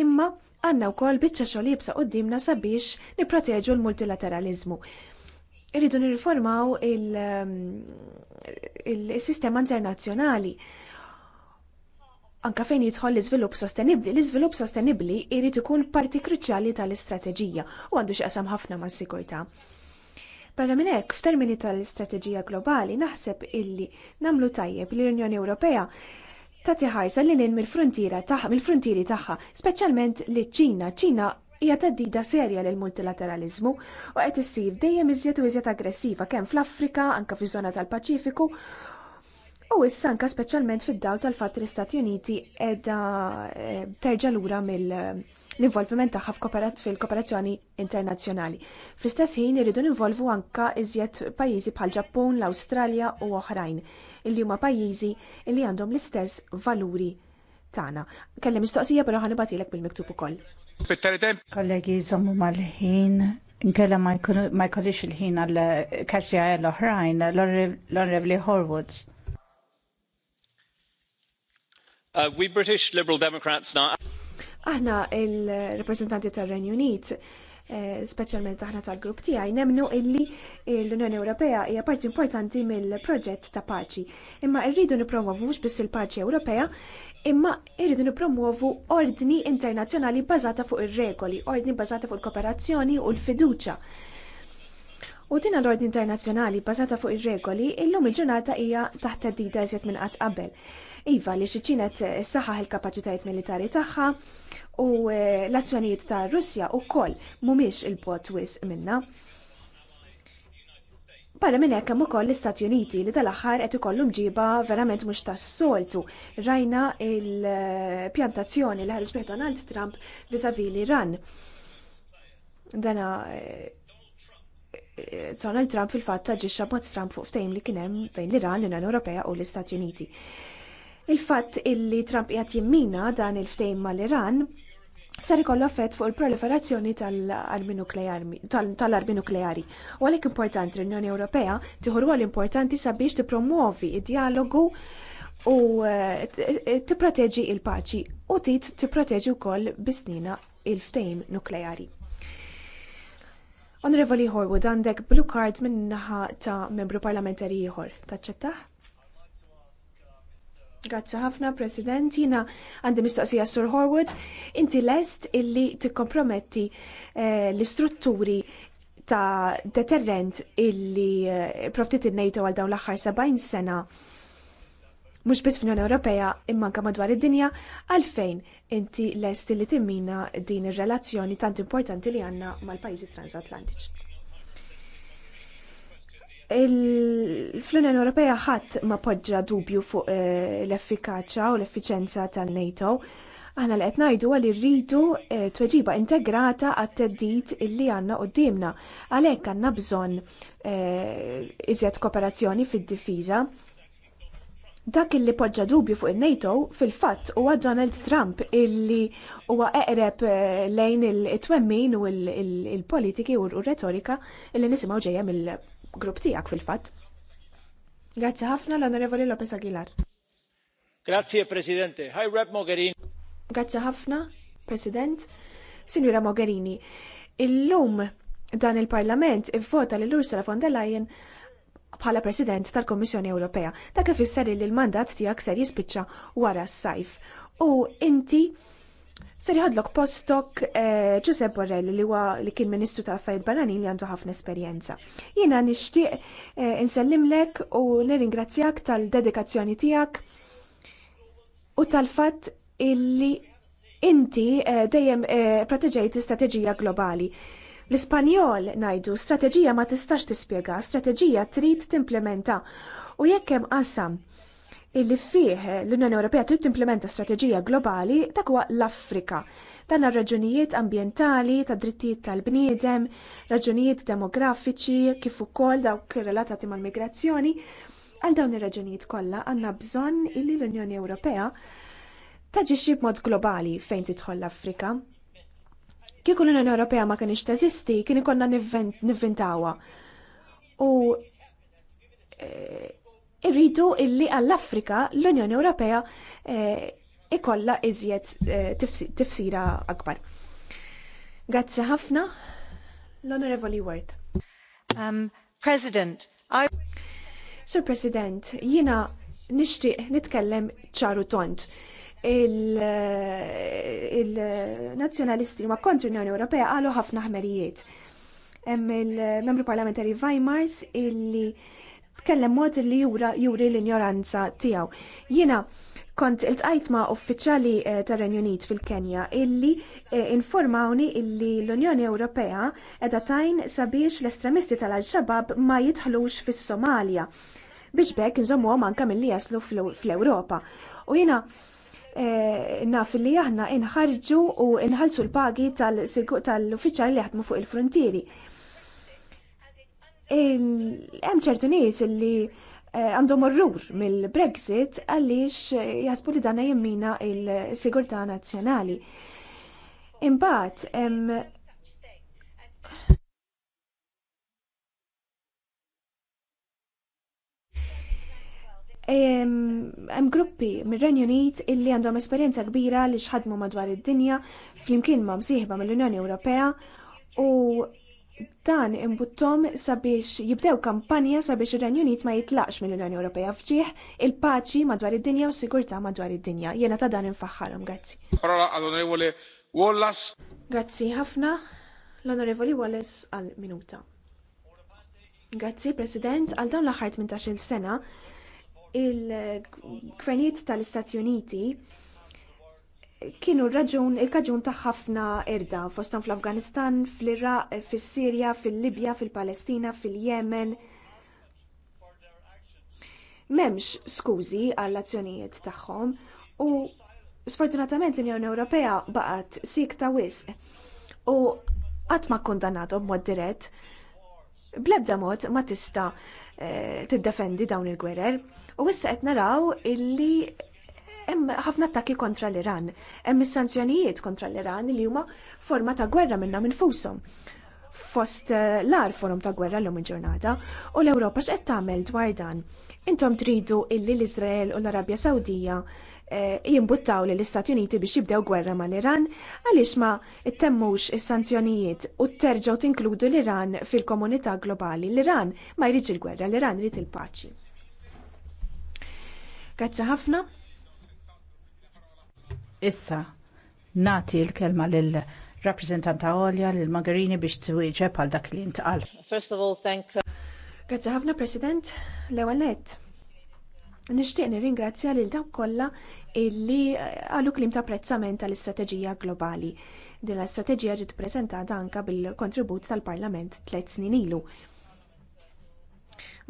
Imma għandna wkoll biċċa xogħol jibsa qudiemna sabiex nipproteġu l-multilateralizmu. Irridu nirriformaw mm, il-sistema il, il, il sistema internazzjonali Anka fejn jidħol l-iżvilupp sostenibbli, l-iżvilupp sostenibbli jrid ikun parti kruċjali tal-istrateġija u għandu xaqsam ħafna ma' sigurtà. Barra minn hekk, f'termini tal-istrateġija globali, naħseb illi namlu tajjeb li l-Unjoni Ewropea tagħti ħajsa lil hinn mill-frontiera tagħha, mill-frontieri tagħha, speċjalment li ċina. Ċina hija teddida serja lil multilateralizmu u qed issir dejjem iżjed u iżjed aggressiva kemm fl-Afrika, anke fiż-żona tal-Paċifiku U issa anke speċjalment fid-daw tal-fatt li l-Istati Uniti qiegħda eh, terġa' lura mill-involviment tagħha fil-kooperazzjoni internazzjonali. Fl-istess ħin iridu ninvolvu anke iżjed pajjiżi bħal Ġappun, l-Awstralja u oħrajn illi huma pajjiżi li għandhom l-istess valuri tagħna. Kellem mistoqsija però ħanibatilek bil-miktub ukoll. Kollegi żommu mal-ħin Nkella ma jkollix il-ħin għal kaxja l-oħrajn, l-Orrevli Horwoods. Uh, we British Liberal Democrats now. Aħna il-reprezentanti tal-Renju Unit eh, specialment aħna tal-grupp tiegħi nemnu illi l-Unjoni Ewropea hija parti importanti mill-proġett ta' paċi. Imma rridu nippromovu mhux biss il-paċi Ewropea, imma rridu nippromovu ordni internazzjonali bażata fuq ir-regoli, ordni bażata fuq il-kooperazzjoni u l-fiduċja. U din l-ordni internazzjonali bażata fuq ir-regoli illum il-ġurnata hija taħt dida eżjed minn qatt qabel. Iva li xiċinet eh, saħħaħ il kapacitajt militari tagħha u eh, l-azzjonijiet ta' Russja wkoll mhumiex il-bot wisq minnha. Barra minn hekk hemm ukoll l-Istati Uniti li tal-aħħar qed ikollu mġiba verament mhux tas-soltu. Rajna il-pjantazzjoni li ħarġ Donald Trump viżavi l-Iran. Dana eh, Donald Trump fil-fatt taġġiexxa mod Trump fuq ftehim li kien hemm bejn l-Iran, l-Unjoni Ewropea u l-Istati Uniti. Il-fatt illi Trump qiegħed jimmina dan il-ftehim mal-Iran sar ikollu effett fuq il-proliferazzjoni tal-armi nukleari. U għalhekk importanti l-Unjoni Ewropea tieħu rwol importanti sabiex tippromuovi d-dialogu u eh, tipproteġi l paċi u tit tipproteġi wkoll bisnina il-ftehim nukleari. Onorevoli Horwood għandek blue card min-naħa ta' membru parlamentari ieħor. Taċċettaħ? Grazzi ħafna, President. Jina għandi mistoqsija Sur Horwood. Inti lest illi tikkomprometti eh, l-istrutturi ta' deterrent illi eh, proftit il-NATO għal dawn l-axħar 70 sena. Mux bis fl Ewropea imma anke madwar id-dinja għalfejn inti lest illi timmina din ir-relazzjoni tant importanti li għandna mal pajzi transatlantiċi fl-Unjoni Ewropea ħadd ma poġġa dubju fuq eh, l-effikaċja u l-effiċenza tan-NATO. Aħna li qed ngħidu li rridu eh, tweġiba integrata għat-teddid illi għandna qudiemna. Għalhekk għandna bżonn eh, iżjed kooperazzjoni fid-difiża. Dak illi poġġa dubju fuq il-NATO fil-fatt huwa Donald Trump illi huwa eqreb lejn it-twemmin u l-politiki u r-retorika illi nisimgħu ġejja mill grupp tiegħek fil-fatt. Grazzi ħafna l-Onorevoli Lopez Aguilar. Grazie Presidente. Hi Rep Mogherini. Grazzi ħafna, President. Signora Mogherini, illum dan il-Parlament ivvota lil Ursula von der Leyen bħala President tal-Kommissjoni Ewropea. Dak ifisser li l-mandat tiegħek ser jispiċċa wara s-sajf. U inti Ser jħadlok postok eh, Giuseppe Borrell li huwa li kien Ministru ta' Affarijiet Barranin li għandu ħafna esperjenza. Jiena nixtieq eh, insellimlek u nirringrazzjak tal-dedikazzjoni tiegħek u tal-fatt illi inti eh, dejjem proteġejt l-istrateġija globali. L-Ispanjol najdu strateġija ma tistax tispjega, strateġija trid timplementa. U jekk hemm qasam illi fih l-Unjoni Ewropea trid timplementa strateġija globali ta' kwa l-Afrika. Dan għal raġunijiet ambjentali, ta' drittijiet tal-bniedem, raġunijiet demografiċi, kif ukoll dawk relatati mal-migrazzjoni. Għal dawn ir-raġunijiet kollha għandna bżonn illi l-Unjoni Ewropea taġixxi b'mod globali fejn tidħol l-Afrika. Kieku l-Unjoni Ewropea ma kienx teżisti, kien ikollna nivvintawha. U eh, irridu illi għall-Afrika l-Unjoni Ewropea eh, ikolla iżjed eh, tifsira akbar. Grazzi ħafna, l-Onorevoli Ward. Um, President, I... Sir President, jina nishtiq nitkellem ċaru tont il-nazjonalisti eh, ma kontri l-Unjoni Ewropea għalu ħafna ħmerijiet. Hemm il-membru parlamentari Weimars illi tkellem mod li jura juri l-injoranza tiegħu. Jiena kont iltqajt ma' uffiċjali eh, tar-Renju Unit fil-Kenja illi eh, informawni illi l-Unjoni Ewropea qiegħda tajn sabiex l-estremisti tal-Al-Shabab ma jidħlux fis-Somalja biex bekk nżommu mill milli jaslu fl-Ewropa. U jiena eh, naf li aħna inħarġu u inħalsu l-pagi tal-uffiċjali li jaħdmu fuq il-frontieri hemm ċertu nies li eh, għandhom orrur mill-Brexit għaliex eh, jasbu li dana jemmina il-sigurtà nazzjonali. Imbagħad hemm Hemm gruppi mir-Renju Unit illi għandhom esperjenza kbira li xħadmu madwar id-dinja flimkien ma' msieħba mill-Unjoni Ewropea u dan imbuttom sabiex jibdew kampanja sabiex ir-Renju Unit ma jitlaqx mill-Unjoni Ewropea fġieħ il-paċi madwar id-dinja u s-sigurtà madwar id-dinja. Jiena ta' dan infaħħarhom, grazzi. Parola għall-Onorevoli Wallace. Grazzi ħafna l-Onorevoli Wallace għal minuta. Grazzi President, għal dawn l-aħħar 18-il sena il-gvernijiet tal-Istati Uniti kienu raġun, il-kaġun ta' ħafna erda fostom fl-Afganistan, fl-Iraq, fis-Sirja, fil-Libja, fil-Palestina, fil-Yemen. M'hemmx skużi għall azzjonijiet tagħhom u sfortunatament l-Unjoni Ewropea baqgħet sik ta' wisq u qatt ma kkundannatom b'mod dirett bl-ebda mod ma tista' eh, tiddefendi dawn il-gwerer u issa qed naraw illi hemm ħafna attakki kontra l-Iran, hemm is-sanzjonijiet kontra l-Iran li huma forma ta' gwerra minnhom infushom fost eh, l-ar forum ta' gwerra l-lum il-ġurnata u l-Ewropa x'qed tagħmel dwar dan. Intom tridu illi l-Iżrael u l-Arabja Sawdija eh, jimbuttaw li l-Istati Uniti biex jibdew gwerra mal-Iran għaliex ma temmux is-sanzjonijiet u terġgħu tinkludu l-Iran fil-komunità globali. L-Iran ma jridx il-gwerra, l-Iran jrid il-paċi. Grazzi ħafna. Issa, nati l-kelma lil rappresentanta Olja lil Magarini biex twieġeb għal dak li intqal. First of all, thank Grazie ħafna President l-ewwel Nixtieq nirringrazzja lil dawk kollha illi għalu klim ta' apprezzament tal-istrateġija globali. Din l-istrateġija ġiet ppreżentata anke bil-kontribut tal-Parlament tliet snin ilu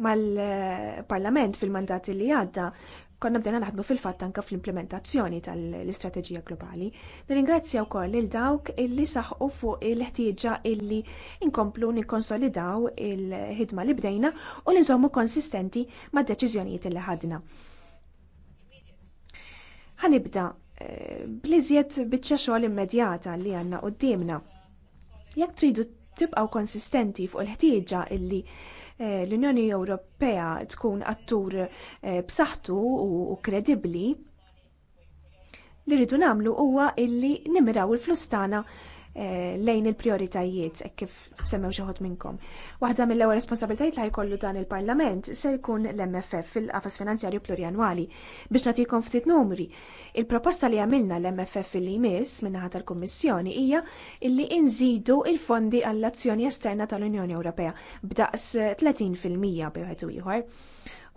mal-parlament fil-mandat li għadda konna bdejna naħdmu fil-fatt anke fl-implementazzjoni tal-istrateġija globali. Nirringrazzja wkoll lil dawk illi saħqu fuq il-ħtieġa illi inkomplu nikkonsolidaw il-ħidma li bdejna u li nżommu konsistenti mad deċiżjonijiet illi ħadna. Ħanibda eh, bliżjed biċċa xogħol immedjata li għandna qudiemna. Jekk tridu tibqgħu konsistenti fuq il-ħtieġa illi Eh, l-Unjoni Ewropea tkun attur eh, b'saħħtu u kredibbli, li rridu nagħmlu huwa illi nimiraw il-flus tagħna Eh, lejn il-prioritajiet e kif semmew xi minnkom. Waħda mill-ewwel responsabilitajiet li jkollu dan il-Parlament se jkun l-MFF fil-qafas finanzjarju plurianwali. Biex nagħtikom ftit numri, il-proposta li għamilna l-MFF li jmiss minnaħa tal-Kummissjoni hija li inżidu il-fondi għall-azzjoni esterna tal-Unjoni Ewropea b'daqs 30% bi wieħed ieħor.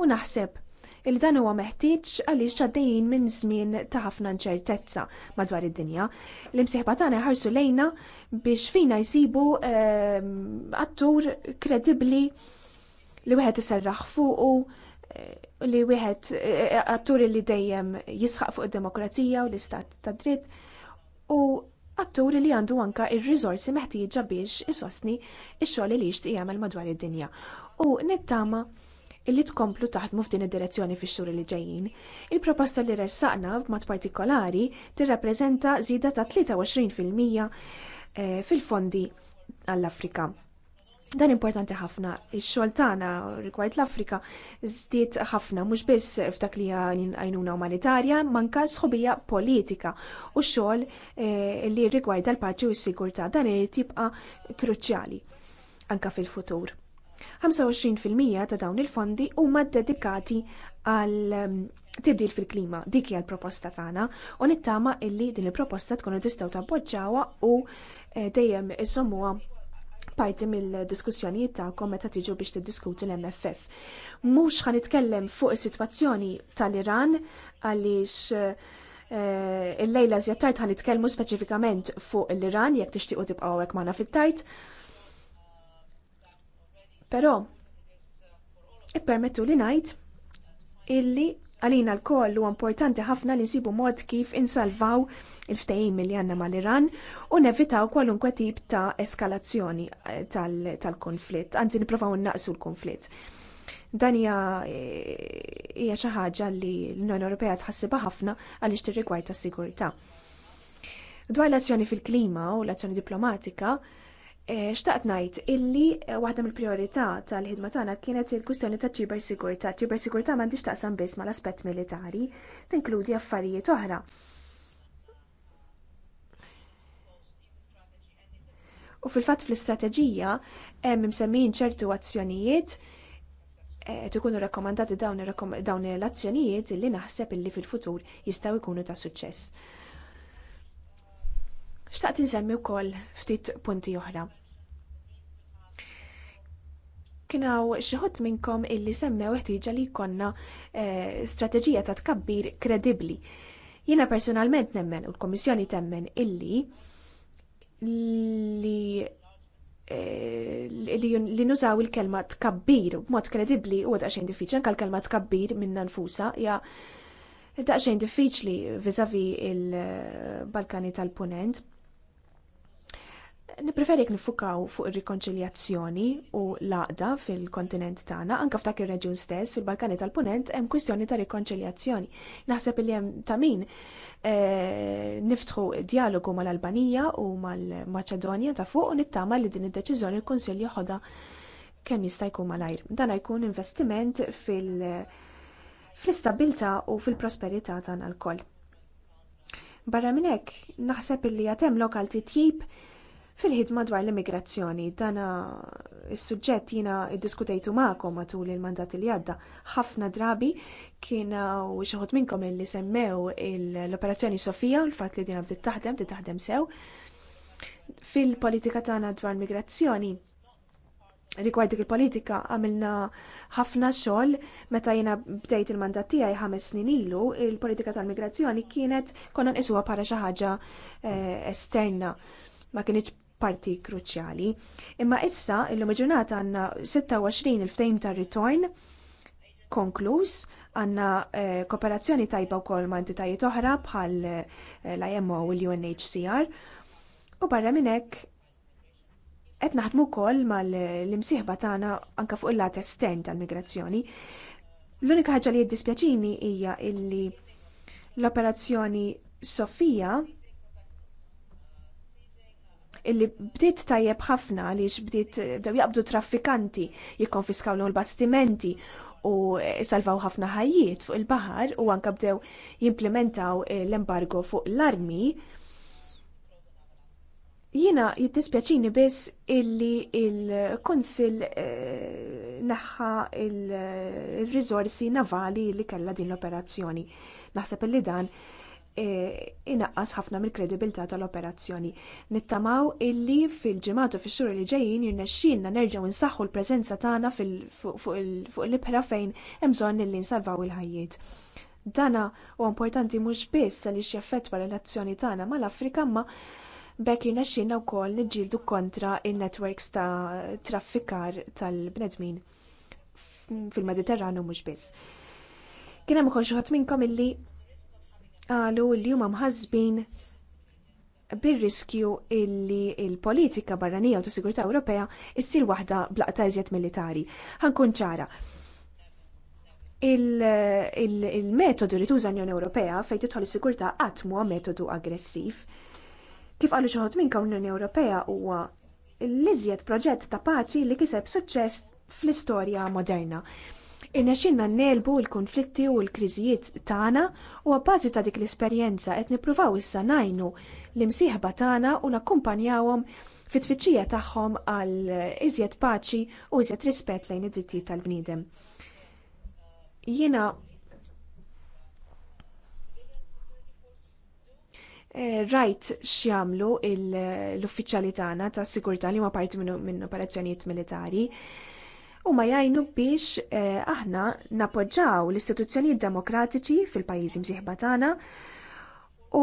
U naħseb il dan huwa meħtieġ għaliex għaddejjin minn żmien ta' ħafna nċertezza madwar id-dinja. L-imsieħba tagħna ħarsu lejna biex fina jsibu ehm, attur kredibbli li wieħed iserraħ fuqu eh, li wieħed eh, attur li dejjem jisħaq fuq id-demokrazija u l-istat ta' dritt u attur li għandu anka ir-riżorsi meħtieġa biex isostni x-xogħol li jixtieq jagħmel madwar id-dinja. U nittama' illi tkomplu taħdmu f'din id-direzzjoni fix-xhur li ġejjin. Il-proposta li ressaqna b'mod partikolari tirrappreżenta żieda ta' 23% eh, fil-fondi għall-Afrika. Dan importanti ħafna. Ix-xogħol tagħna rigward l-Afrika żdied ħafna mhux biss f'dak li għajnuna umanitarja, manka sħobija politika u xogħol eh, li rigward l-paċi u s-sigurtà dan irid jibqa' kruċjali anke fil-futur. 25% ta' dawn il-fondi huma dedikati għal ehm, tibdil fil-klima. Dik hija l-proposta tagħna u nittama illi din il-proposta tkunu tistgħu tappoġġawha u eh, dejjem iżommuha parti mill-diskussjonijiet tagħkom meta tiġu biex tiddiskuti l-MFF. Mhux ħanitkellem fuq is-sitwazzjoni tal-Iran għaliex eh, il-lejla zjattart ħan nitkellmu speċifikament fuq l-Iran jekk tixtiequ tibqgħu hekk magħna fit-tajt Però ippermettu li ngħid illi għalina l huwa importanti ħafna li nsibu mod kif insalvaw il-ftehim li għanna mal-Iran u nevitaw kwalunkwe tip ta' eskalazzjoni eh, tal-konflitt, anzi niprofaw naqsu l-konflitt. Dan eh, hija xi ħaġa li l-Unjoni Ewropea tħassibha ħafna għaliex tirrigward tas-sigurtà. Dwar l-azzjoni fil-klima u l-azzjoni diplomatika, Eh, xtaqt ngħid illi eh, waħda mill-priorità tal-ħidma tagħna kienet il-kwistjoni ta' ċibersigurtà. sigurtà m'għandix taqsam biss mal-aspett militari, tinkludi affarijiet oħra. U fil-fatt fl-istrateġija hemm msemmin ċertu azzjonijiet jkunu eh, rakkomandati dawn l-azzjonijiet illi naħseb illi fil-futur jistgħu jkunu ta' suċċess. Xtaqt insemmi wkoll ftit punti oħra. Kienaw xieħut minnkom illi semmew ħtiġa li jkollna eh, strateġija ta' tkabbir kredibbli. Jiena personalment nemmen u l-Komissjoni temmen illi li eh, li nużaw il-kelma tkabbir b'mod kredibbli u daqsxejn diffiċli anka l-kelma tkabbir minna nfusa hija daqsxejn diffiċli vizavi il-Balkani tal-Punent nipreferi nifukaw fuq ir-rikonċiljazzjoni u l-għaqda fil-kontinent tagħna, anke f'dak ir-reġjun stess fil-Balkani tal-Punent hemm kwistjoni ta' rikonċiljazzjoni. Naħseb li hemm ta' min eh, niftħu dialogu mal-Albanija u mal-Maċedonja ta' fuq u nittama li din id-deċiżjoni l-Kunsill joħodha kemm jista' jkun malajr. Dan jkun investiment fil-istabilta u fil-prosperità tagħna lkoll. Barra minn hekk, naħseb illi għatem lokal titjib fil-ħidma dwar l-immigrazzjoni. Dana is-suġġett jiena iddiskutejtu magħkom matul il-mandat li għadda. Ħafna drabi kienu xi ħadd minnkom illi semmew l-Operazzjoni Sofija u l-fatt li din bdiet taħdem, bdiet taħdem sew. Fil-politika tagħna dwar l migrazzjoni rigward dik il-politika għamilna ħafna xogħol meta jiena bdejt il-mandat tiegħi ħames snin ilu, il-politika tal-migrazzjoni kienet konna nqisuha bħala xi ħaġa eh, esterna. Ma kienx parti kruċjali. Imma issa illum il-ġurnata għandna 26 il-ftejm ta' ritorn konkluż għandna eh, kooperazzjoni tajba wkoll ma' entitajiet oħra bħal eh, l-IMO u l-UNHCR. U barra minn hekk qed naħdmu wkoll mal-imsieħba tagħna anke fuq il-lat estern tal-migrazzjoni. L-unika ħaġa li jiddispjaċini hija illi l-operazzjoni Sofija illi bdiet tajjeb ħafna għaliex bdiet bdew jaqbdu traffikanti jikkonfiskaw l-bastimenti u salvaw ħafna ħajjiet fuq il-baħar u anke bdew jimplementaw eh, l-embargo fuq l-armi. Jiena jiddispjaċini biss illi il-Konsil eh, naħħa il-rizorsi navali li kellha din l-operazzjoni. Naħseb illi dan E, inaqqas ħafna mill-kredibilità tal-operazzjoni. Nittamaw illi fil ġimgħatu u fix-xhur li ġejjin jirnexxielna nerġgħu nsaħħu l-preżenza tagħna fuq l-ibħra fejn hemm bżonn illi nsalvaw il-ħajjiet. Dana huwa importanti mhux biss għaliex jaffettwa relazzjoni tagħna mal-Afrika ma bekk jirnexxielna wkoll niġġieldu kontra in-networks ta' traffikar tal-bnedmin fil-Mediterranu mhux biss. Kien hemm ukoll xi ħadd minnkom illi qalu li huma mħazbin bir-riskju illi il-politika barranija u ta' sigurtà Ewropea issir waħda blaqta iżjed militari. Ħankun ċara. Il-metodu li tuża l-Unjoni Ewropea fejn tidħol is-sigurtà qatt huwa metodu aggressiv. Kif qalu xi ħadd minn l-Unjoni Ewropea huwa l-iżjed proġett ta' paċi li kiseb suċċess fl-istorja moderna. Irnexxinna nelbu l-konflitti u l-kriżijiet tagħna u għabbażi ta' dik l-esperjenza qed nippruvaw issa najnu l-imsieħba tagħna u nakkumpanjawhom fit-tfittxija tagħhom għal iżjed paċi u iżjed rispett lejn id-drittijiet tal-bniedem. Jiena eh, rajt x'jagħmlu l-uffiċjali tagħna tas sigurtà li huma parti minn operazzjonijiet militari u ma jajnu biex eh, aħna napoġġaw l-istituzzjonijiet demokratiċi fil-pajjiżi msieħba tagħna u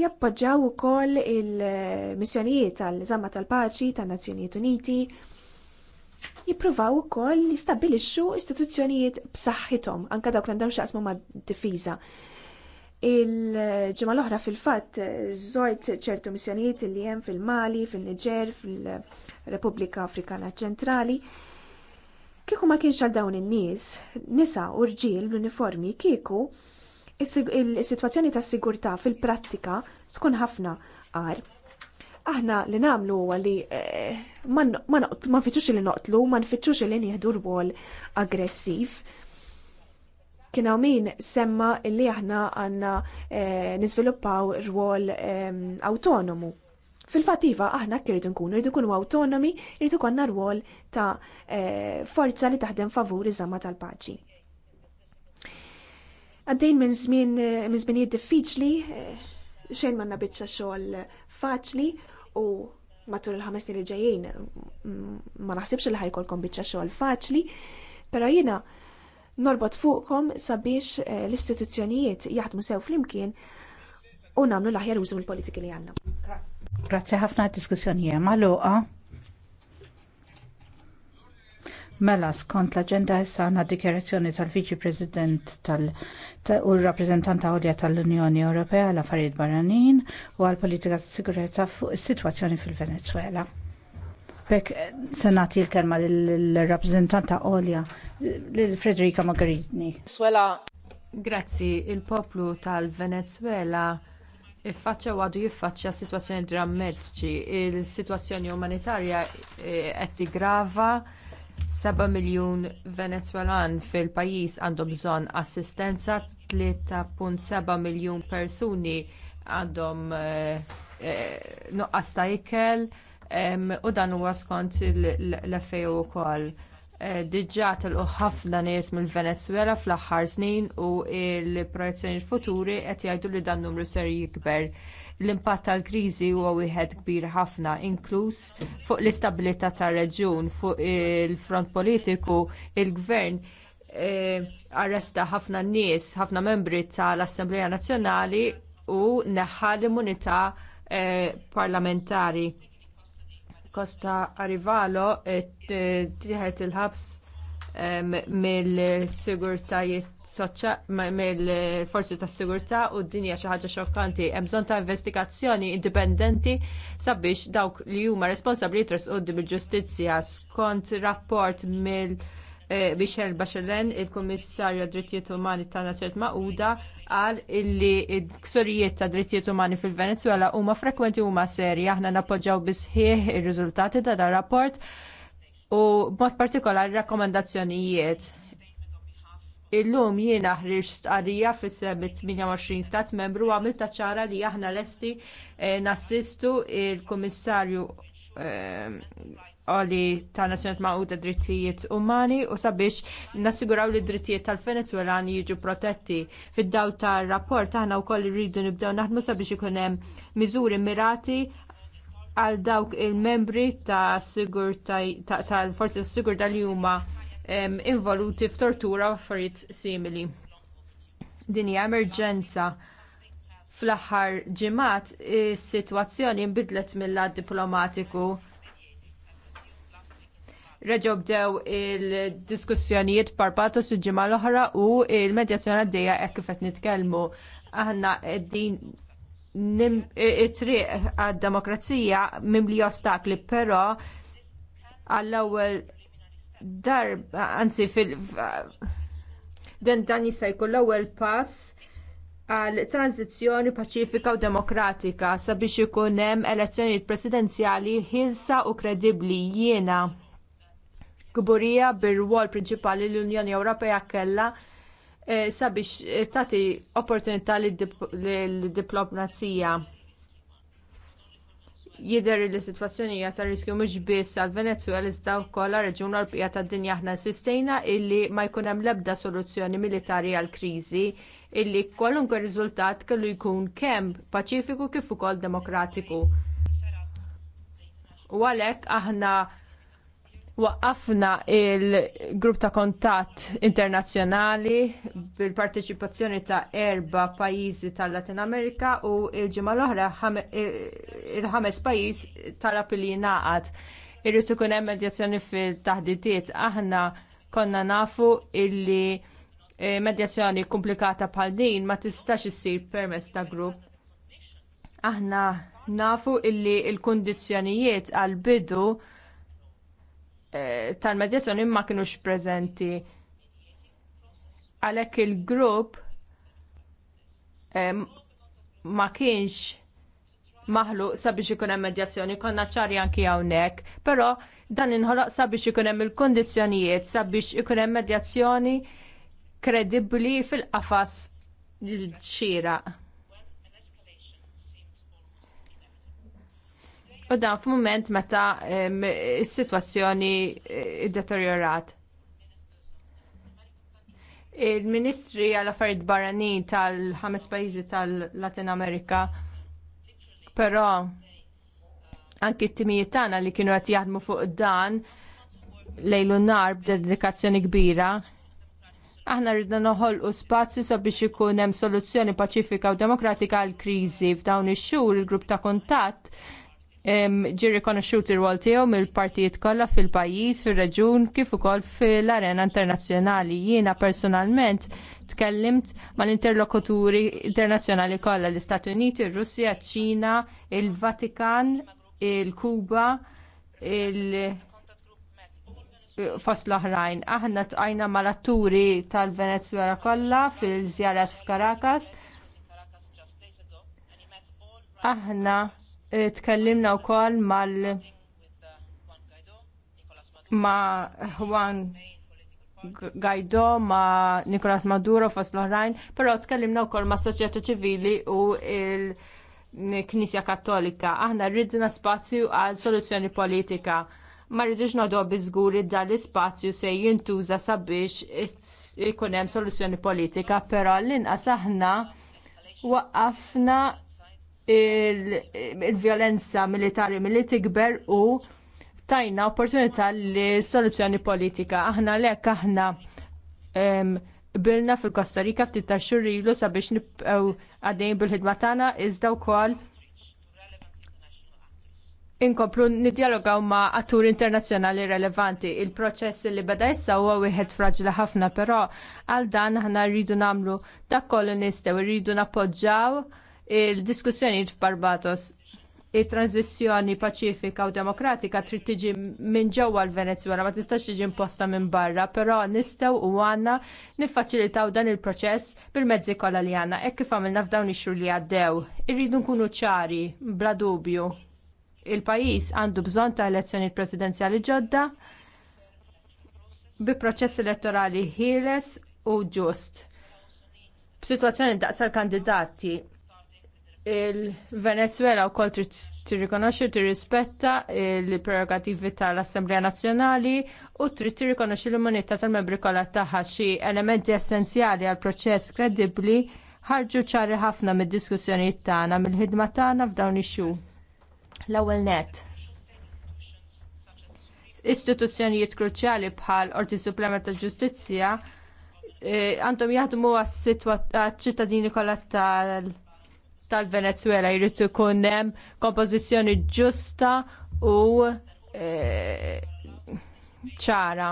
jappoġġaw ukoll il-missjonijiet tal-żamma tal-paċi tan-Nazzjonijiet Uniti jippruvaw ukoll jistabbilixxu istituzzjonijiet b'saħħithom anke dawk li għandhom x'aqsmu mad-difiża. Il-ġimgħa l-oħra fil-fatt żort ċertu missjonijiet li hemm fil-Mali, fil-Niġer, fil-Repubblika Afrikana Ċentrali. Kieku ma kienx għal dawn in-nies, nisa u rġiel bl-uniformi kieku is-sitwazzjoni tas-sigurtà fil-prattika tkun ħafna qar. Aħna li nagħmlu huwa li eh, ma nfittxux li noqtlu, ma nfittxux li nieħdu rwol aggressiv Kien hawn min semma li aħna għandna eh, niżviluppaw rwol ehm, autonomu. Fil-fatt iva aħna kirridu nkunu, rridu nkunu autonomi, rridu konna rwol ta' eh, forza li taħdem favur iż-żamma tal-paċi. Għaddejn minn żmien eh, minn żminijiet diffiċli, xejn manna biċċa xogħol faċli u matul il-ħames li ġejjin mm, ma naħsibx li ħajkolkom biċċa xogħol faċli, però jiena norbot fuqkom sabiex eh, l-istituzzjonijiet jaħdmu sew flimkien u nagħmlu l-aħjar użu mill politiki li għandna. Grazzi ħafna diskussjoni jem. magħluqa. Mela, skont l-agenda issa għandna d-dikjerazzjoni tal-Viċi President tal u r-rappreżentanta tal-Unjoni Ewropea għal affarijiet barranin u għall politika ta' sigurezza fuq is-sitwazzjoni fil-Venezuela. Bek senati l-kelma l-rappresentanta Olja, l frederika Mogherini. Swela. Grazzi, il-poplu tal-Venezuela iffaċċa għadu jiffaċċja sitwazzjoni drammatiċi. Il-sitwazzjoni umanitarja e, qed tigrava 7 miljun Venezwelan fil-pajjiż għandhom bżonn assistenza 3.7 miljun persuni għandhom e, e, nuqqas ta' ikel u dan huwa skont l-FAO ukoll. Eh, diġà telqu ħafna nies mill-Venezuela fl-aħħar snin u l-projezzjoni futuri qed jgħidu li dan numru ser jikber. L-impatt tal-kriżi huwa wieħed kbir ħafna, inkluż fuq l-istabilità tar-reġjun, fuq il-front politiku, il-gvern eh, arresta ħafna nies, ħafna membri tal-Assembleja Nazzjonali u neħħa l-immunità eh, parlamentari Costa Arrivalo tieħed il-ħabs mill-sigurtajiet mill-forzi tas sigurtà u d-dinja xi ħaġa xokkanti. Hemm bżonn ta' investigazzjoni indipendenti sabiex dawk li huma responsabbli jitresqu bil-ġustizzja skont rapport mill- eh, Michel Bachelen, il-Kummissarju Drittijiet Umani tan-Nazzjonijiet Magħquda, qal illi ksurijiet ta' drittijiet umani fil-Venezuela huma frekwenti huma serji aħna nappoġġaw bisħieħ ir-riżultati ta' dan rapport u b'mod partikolari rakkomandazzjonijiet. Illum jiena ħriġ stqarrija fis sebit 28 stat membru għamil ta' ċara li aħna lesti eh, nassistu il-Kummissarju eh, għali ta' Nazzjonet Magħquda Drittijiet Umani u sabiex nassiguraw li drittijiet tal venezwelani jiġu protetti. Fid-daw ta' rapport aħna wkoll irridu nibdew naħdmu sabiex ikun hemm miżuri mirati għal dawk il-membri ta' tal-forzi ta, sigur li huma involuti f'tortura u affarijiet simili. Din hija emerġenza fl-aħħar ġimgħat is-sitwazzjoni nbidlet mill-lat diplomatiku reġo bdew il-diskussjonijiet parpatos su ġimgħa l-oħra u l medjazzjoni għaddejja hekk kif qed nitkellmu. Aħna qegħdin it-triq għad-demokrazija mimli ostakli, però għall-ewwel darba, anzi fil- den dan jista' jkun l-ewwel pass għal tranzizzjoni paċifika u demokratika sabiex ikun hemm elezzjonijiet presidenzjali ħilsa u kredibbli jiena kburija bir-rwol prinċipali l-Unjoni Ewropea kellha eh, sabiex eh, tagħti opportunità lid-diplomazija. Jidher li s-sitwazzjoni hija ta' riskju mhux biss għal Venezuela iżda wkoll għal reġjun Ewropea tad-dinja aħna sistejna illi ma jkun hemm l-ebda soluzzjoni militari għall kriżi illi kwalunkwe riżultat kellu jkun kemm paċifiku kif ukoll demokratiku. U għalhekk aħna waqqafna il-grupp ta' kontatt internazzjonali bil-parteċipazzjoni ta' erba pajjiżi tal-Latin Amerika u l-ġimgħa l-oħra il-ħames pajjiż talab li ngħaqad Irrid ikun hemm medjazzjoni fil-taħdidiet. Aħna konna nafu illi eh, medjazzjoni komplikata bħal din ma tistax issir permezz ta' grupp. Aħna nafu illi l il kundizzjonijiet għall bidu Eh, tal-medjazzjoni ma kinux preżenti. Għalhekk il-grupp eh, ma kienx maħluq sabiex ikun hemm medjazzjoni, konna ċari anki hawnhekk, però dan inħoloq sabiex ikun hemm il-kondizzjonijiet sabiex ikun hemm medjazzjoni kredibbli fil-qafas l-xieraq. U dan f'mument meta s sitwazzjoni eh, deteriorat. Il-Ministri għal affarijiet barranin tal-ħames pajjiżi tal-Latin Amerika però anki t-timijiet tagħna li kienu qed jaħdmu fuq dan lejlu nar b'dedikazzjoni kbira aħna rridna noħolqu spazju sabiex ikun hemm soluzzjoni paċifika u demokratika għall kriżi f'dawn ix-xhur il-grupp ta' kuntatt ġi rikonoxxut ir-rwol tiegħu mill-partijiet kollha fil-pajjiż, fir-reġjun kif ukoll fil-arena internazzjonali. Jiena personalment tkellimt mal-interlokuturi internazzjonali kollha l-Istati Uniti, ir-Russja, ċ-Ċina, il-Vatikan, il-Kuba, il- fost l-oħrajn. Aħna tqajna mal-atturi tal-Venezuela kollha fil-żjarat f'Caracas. Aħna tkellimna wkoll mal ma Juan Guaido, ma Nicolas Maduro fost l-oħrajn, però tkellimna wkoll ma' soċjetà ċivili u il-Knisja Kattolika. Aħna rridna spazju għal soluzzjoni politika. Ma rridux nodu biżguri dan l-ispazju se jintuża sabiex ikun hemm soluzzjoni politika, però l-inqas aħna waqafna il-violenza il militari milli tikber u tajna opportunità li soluzzjoni politika. Aħna lek aħna um, bilna fil-Kosta Rika ftit ta' ilu sabiex nibqgħu għaddejn bil-ħidma tagħna iżda wkoll inkomplu nidjalogaw ma' atturi internazzjonali relevanti. Il-proċess li beda issa huwa wieħed fraġli ħafna, però għal dan aħna rridu nagħmlu dak kollu nistgħu, rridu nappoġġjaw il-diskussjonijiet f'Barbados il tranzizzjoni paċifika u demokratika trid tiġi minn ġewwa l-Venezwela ma tistax tiġi imposta minn barra, però nistgħu u għandna niffaċilitaw dan il-proċess bil-mezzi kollha li għandna hekk kif għamilna f'dawn ix-xhur li għaddew. Irridu nkunu ċari bla dubju. Il-pajjiż għandu bżonn ta' elezzjonijiet presidenzjali ġodda bi proċess elettorali ħieles u ġust. B'sitwazzjoni daqsal kandidati il-Venezuela wkoll trid rikonoxi u tirrispetta l-prerogattivi tal-Assemblea Nazzjonali u trid tirrikonoxxi l-immunità tal-membri kollha tagħha xi elementi essenzjali għal proċess kredibbli ħarġu ċari ħafna mid-diskussjonijiet tagħna mill-ħidma tagħna f'dawn ix L-ewwel net. Istituzzjonijiet kruċjali bħal Orti Suprema ta' ġustizzja eh, għandhom jaħdmu għas-ċittadini sitwa kollha tal- tal-Venezuela jrid ikun hemm kompożizzjoni ġusta u e, ċara.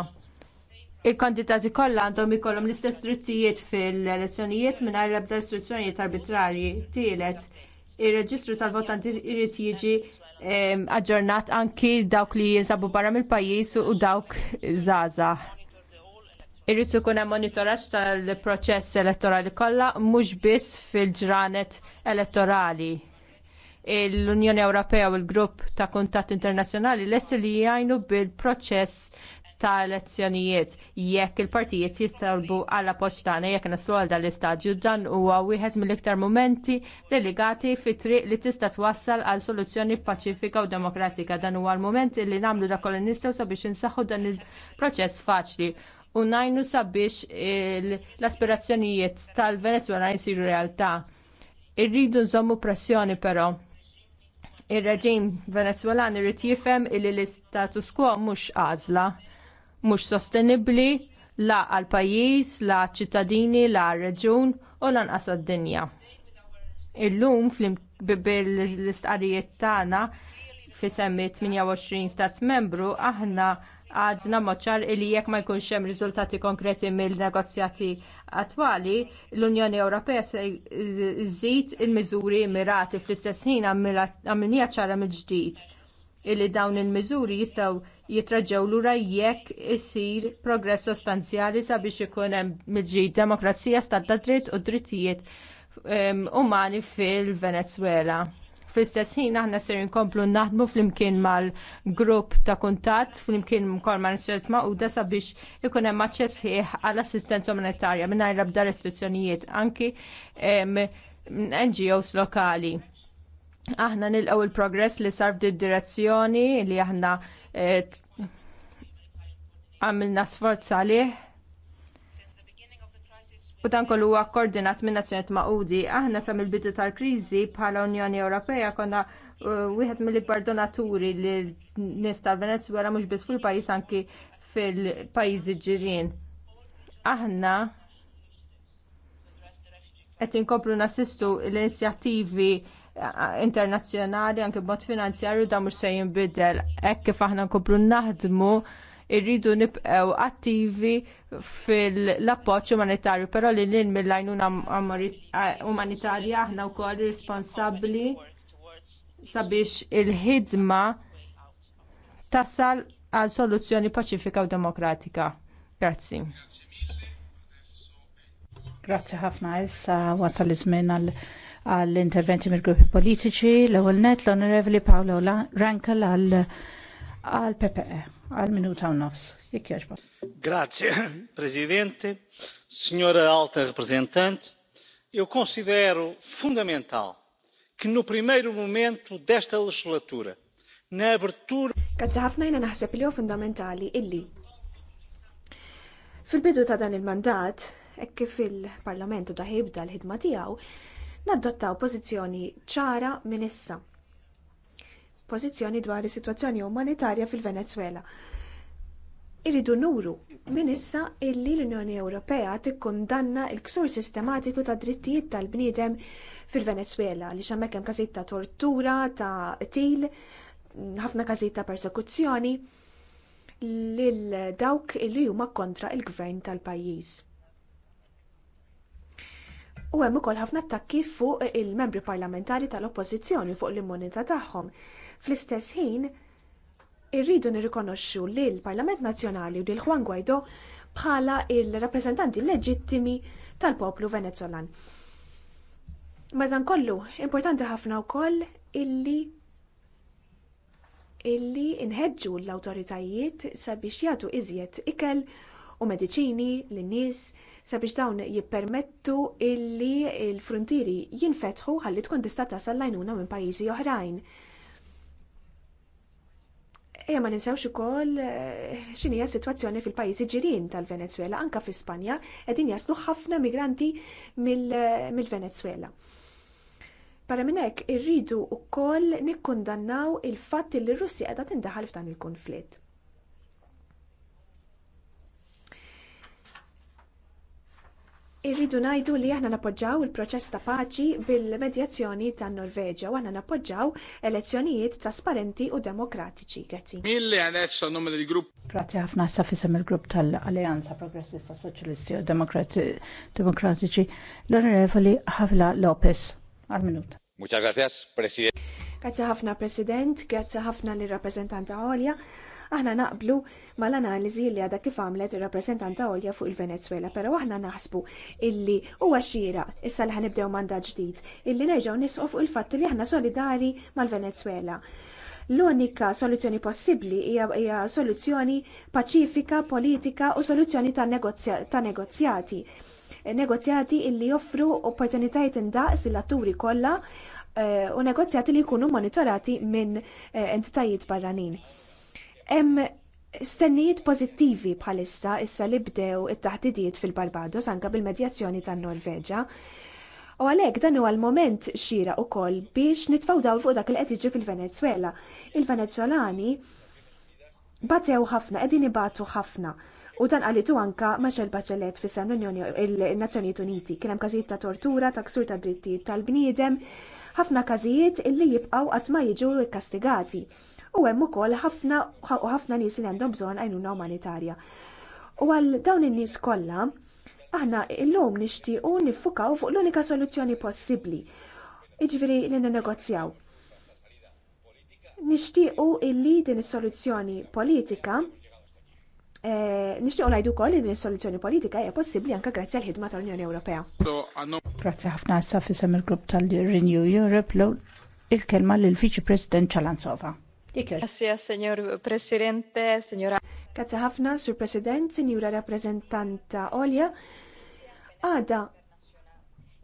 Il-kandidati kollha għandhom ikollhom l-istess drittijiet fil-elezzjonijiet mingħajr l-ebda restrizzjonijiet arbitrarji. Tielet, ir-reġistru tal-votanti jrid jiġi e, aġġornat anki dawk li jinsabu barra mill-pajjiż u dawk żgħażagħ Irrid ikun hemm monitoraġġ tal-proċess elettorali kollha mhux biss fil-ġranet elettorali. L-Unjoni Ewropea u l-Grupp ta' Kuntatt Internazzjonali lesti li jgħinu bil-proċess ta' elezzjonijiet jekk il-partijiet jittalbu għal poċtana jekk naslu għal dal-istadju dan huwa wieħed mill-iktar mumenti delegati fit triq li tista' twassal għal soluzzjoni paċifika u demokratika dan huwa l-mument li nagħmlu da kolonistew sabiex insaħħu dan il-proċess faċli u najnu sabiex l-aspirazzjonijiet tal-Venezuela jisiru realtà. Irridu nżommu pressjoni però. Ir-reġim Venezwelan irid jifhem li l-istatus quo mhux għażla, mhux sostenibbli la għal pajjiż, la ċittadini, la reġun u lanqas għad-dinja. Illum bil-istqarijiet tagħna fi semmi 28 stat membru aħna għadna moċar li jekk ma jkunx hemm riżultati konkreti mill-negozjati attwali, l-Unjoni Ewropea se żżid il-miżuri mirati fl-istess ħin għamilnija ċara mill-ġdid illi dawn il-miżuri jistgħu jitraġew lura jekk isir progress sostanzjali sabiex ikun hemm miġġid demokrazija stat dritt u drittijiet ehm, umani fil-Venezuela. Fl-istess ħin aħna ser inkomplu naħdmu flimkien mal-grupp ta' kuntatt flimkien ukoll ma' nisret ma' sabiex ikun hemm aċċess ħieħ għall-assistenza umanitarja mingħajr ebda restrizzjonijiet anki NGOs lokali. Aħna nilqgħu l progress li sar f'din direzzjoni li aħna eh, għamilna sforz għalih u dan kollu huwa koordinat minn nazzjonijiet Magħqudi. Aħna sa mill-bidu tal-kriżi bħala Unjoni Ewropea konna uh, wieħed mill-ikbar donaturi li nies tal-Venezuela mhux biss fil-pajjiż anki fil-pajjiżi ġirien. Aħna qed inkomplu nassistu l-inizjattivi uh, internazzjonali anke b'mod finanzjarju dan mhux se jinbidel hekk kif aħna nkomplu naħdmu irridu nibqew attivi fil-appoġġ umanitarju, però li l-in mill lajn umanitarja aħna wkoll responsabbli sabiex il-ħidma tasal għal soluzzjoni paċifika u demokratika. Grazzi. Grazzi ħafna issa wasal iż-żmien għall-interventi mill-gruppi politiċi l-ewwel net l-Onorevoli Paolo Rankel għal għal PPE għal minuta u nofs. Jekk Grazie, [coughs] Presidente, Signora Alta Representant. Eu considero fundamental que no primeiro momento desta legislatura, na abertura. Grazzi ħafna jena naħseb li fundamentali illi. Fil-bidu ta' dan il-mandat, hekk kif il-Parlamentu daħibda l-ħidma tiegħu, naddottaw pożizzjoni ċara minn issa pożizzjoni dwar is-sitwazzjoni umanitarja fil-Venezwela. Iridu nuru minn issa illi l-Unjoni Ewropea tikkundanna l-ksur sistematiku ta' drittijiet tal-bniedem fil-Venezwela li hemmhekk hemm każijiet ta' tortura, ta' til, ħafna każijiet ta' persekuzzjoni lil dawk illi huma kontra l gvern tal-pajjiż. U hemm ukoll ħafna attakki fuq il-membri parlamentari tal-Oppożizzjoni fuq l-immunità tagħhom. Fl-istess ħin, irridu nirrikonoxxu li l-Parlament Nazzjonali u lil Juan Guaido bħala il-rappreżentanti leġittimi tal-poplu Venezolan. Madankollu, importanti ħafna wkoll illi illi l-awtoritajiet sabiex jagħtu iżjed ikel u mediċini lin-nies sabiex dawn jippermettu illi l-fruntieri jinfetħu ħalli tkun tista' tasal lajnuna għajnuna minn pajjiżi oħrajn. Ejja eh, ma ninsewx ukoll eh, x'inhi hija sitwazzjoni fil-pajjiżi ġirien tal-Venezuela, anke fi Spanja qegħdin jaslu ħafna migranti eh, mill-Venezuela. Para minn hekk irridu wkoll nikkundannaw il-fatt li r-Russja qiegħda tindaħal f'dan il-konflitt. irridu ngħidu li aħna nappoġġaw il-proċess ta' paċi bil-medjazzjoni tan norveġja u aħna nappoġġaw elezzjonijiet trasparenti u demokratiċi. Grazzi. Mille adesso nome del grupp. Grazzi ħafna sa fisem il-grupp tal-Alleanza Progressista Soċjalisti u Demokratiċi l-Onorevoli Havla Lopez. Għal-minut. Muchas gracias, President. Grazzi ħafna, President. Grazzi ħafna li rappresentanta Olja. Aħna naqblu mal-analiżi li għadha kif għamlet ir-rappreżentanta għolja fuq il-Venezuela, però aħna naħsbu illi huwa xira issa li ħanibdew mandat ġdid illi nerġgħu nisqof fuq il-fatt li aħna solidari mal-Venezuela l-unika soluzzjoni possibbli hija soluzzjoni paċifika, politika u soluzzjoni ta' negozjati. Negozjati li joffru opportunitajiet indaqs lill-atturi kollha eh, u negozjati li jkunu monitorati minn eh, entitajiet barranin. Hemm stennijiet pożittivi bħalissa issa li bdew it-taħdidiet fil-Barbados anke bil-medjazzjoni tan-Norveġa. U għalhekk dan huwa l-moment xira koll biex nitfawdaw fuq dak li qed jiġi fil-Venezwela. il venezuelani batew ħafna, qegħdin ibatu ħafna. U dan għalitu anka Michel Bachelet fi sem l-Unjoni il-Nazzjonijiet Uniti. Kien hemm każijiet ta' tortura, ta' ksur ta' drittijiet tal-bniedem, ħafna każijiet illi jibqgħu qatt ma jiġu ikkastigati u hemm ukoll ħafna u ħafna nies li għandhom bżonn għajnuna umanitarja. U għal dawn in-nies kollha aħna llum nixtiequ nifukaw fuq l-unika soluzzjoni possibbli. Iġifieri li negozjaw. Nixtiequ illi din is-soluzzjoni politika eh, Nixtiequ ngħidu wkoll li din soluzzjoni politika hija possibbli anke grazzi għall ħidma tal-Unjoni Ewropea. Grazzi ħafna għassa fisem il-grupp tal-Renew Europe l il-kelma lill vice President Ċalansova. Grazie, Presidente, signora. ħafna, Sur President, Signora Rappresentanta Olja. Għada,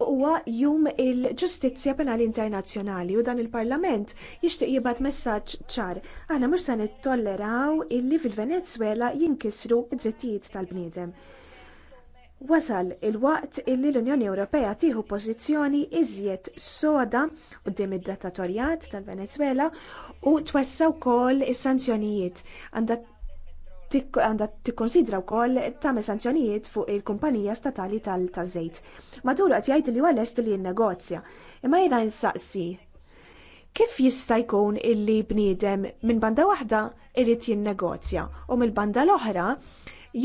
huwa jum il-ġustizzja penali internazzjonali u dan il-Parlament jixtieq jibgħat messaġġ ċar. Aħna mhux se nittolleraw illi fil-Venezuela jinkisru id-drittijiet tal-bniedem. Wasal il-waqt illi l-Unjoni Ewropea tieħu pożizzjoni iżjed soda quddiem id-dattatorjat tal-Venezuela u twessa wkoll is-sanzjonijiet għandha tikkonsidra wkoll tagħmel sanzjonijiet fuq il-kumpanija statali tal-żejt. Matul qed jgħid li huwa lest li jinnegozja. Imma jiena nsaqsi kif jista' jkun illi bniedem minn banda waħda irid jinnegozja u mill-banda l-oħra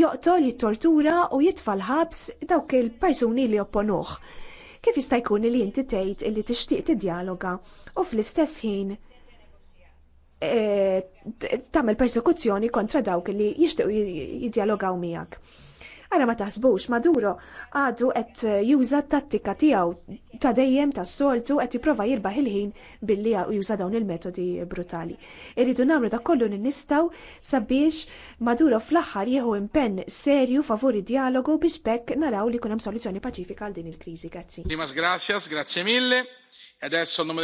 joqtol jittortura u jitfal ħabs dawk il-persuni li opponuh. Kif jista' jkun li inti tgħid illi tixtieq tiddjaloga u fl-istess ħin Eh, tagħmel persekuzzjoni kontra dawk li jixtiequ jidjalogaw miegħek. Ara ma taħsbux, Maduro għadu qed juża tattika tiegħu ta' dejjem ta' soltu qed jipprova jirbaħ il-ħin billi juża dawn il-metodi brutali. Irridu nagħmlu ta' kollu n-nistaw sabiex Maduro fl-aħħar jieħu impenn serju favori dialogu biex bekk naraw li kunem hemm soluzzjoni paċifika għal din il-kriżi. Grazzi. Dimas gracias, grazie mille. E adesso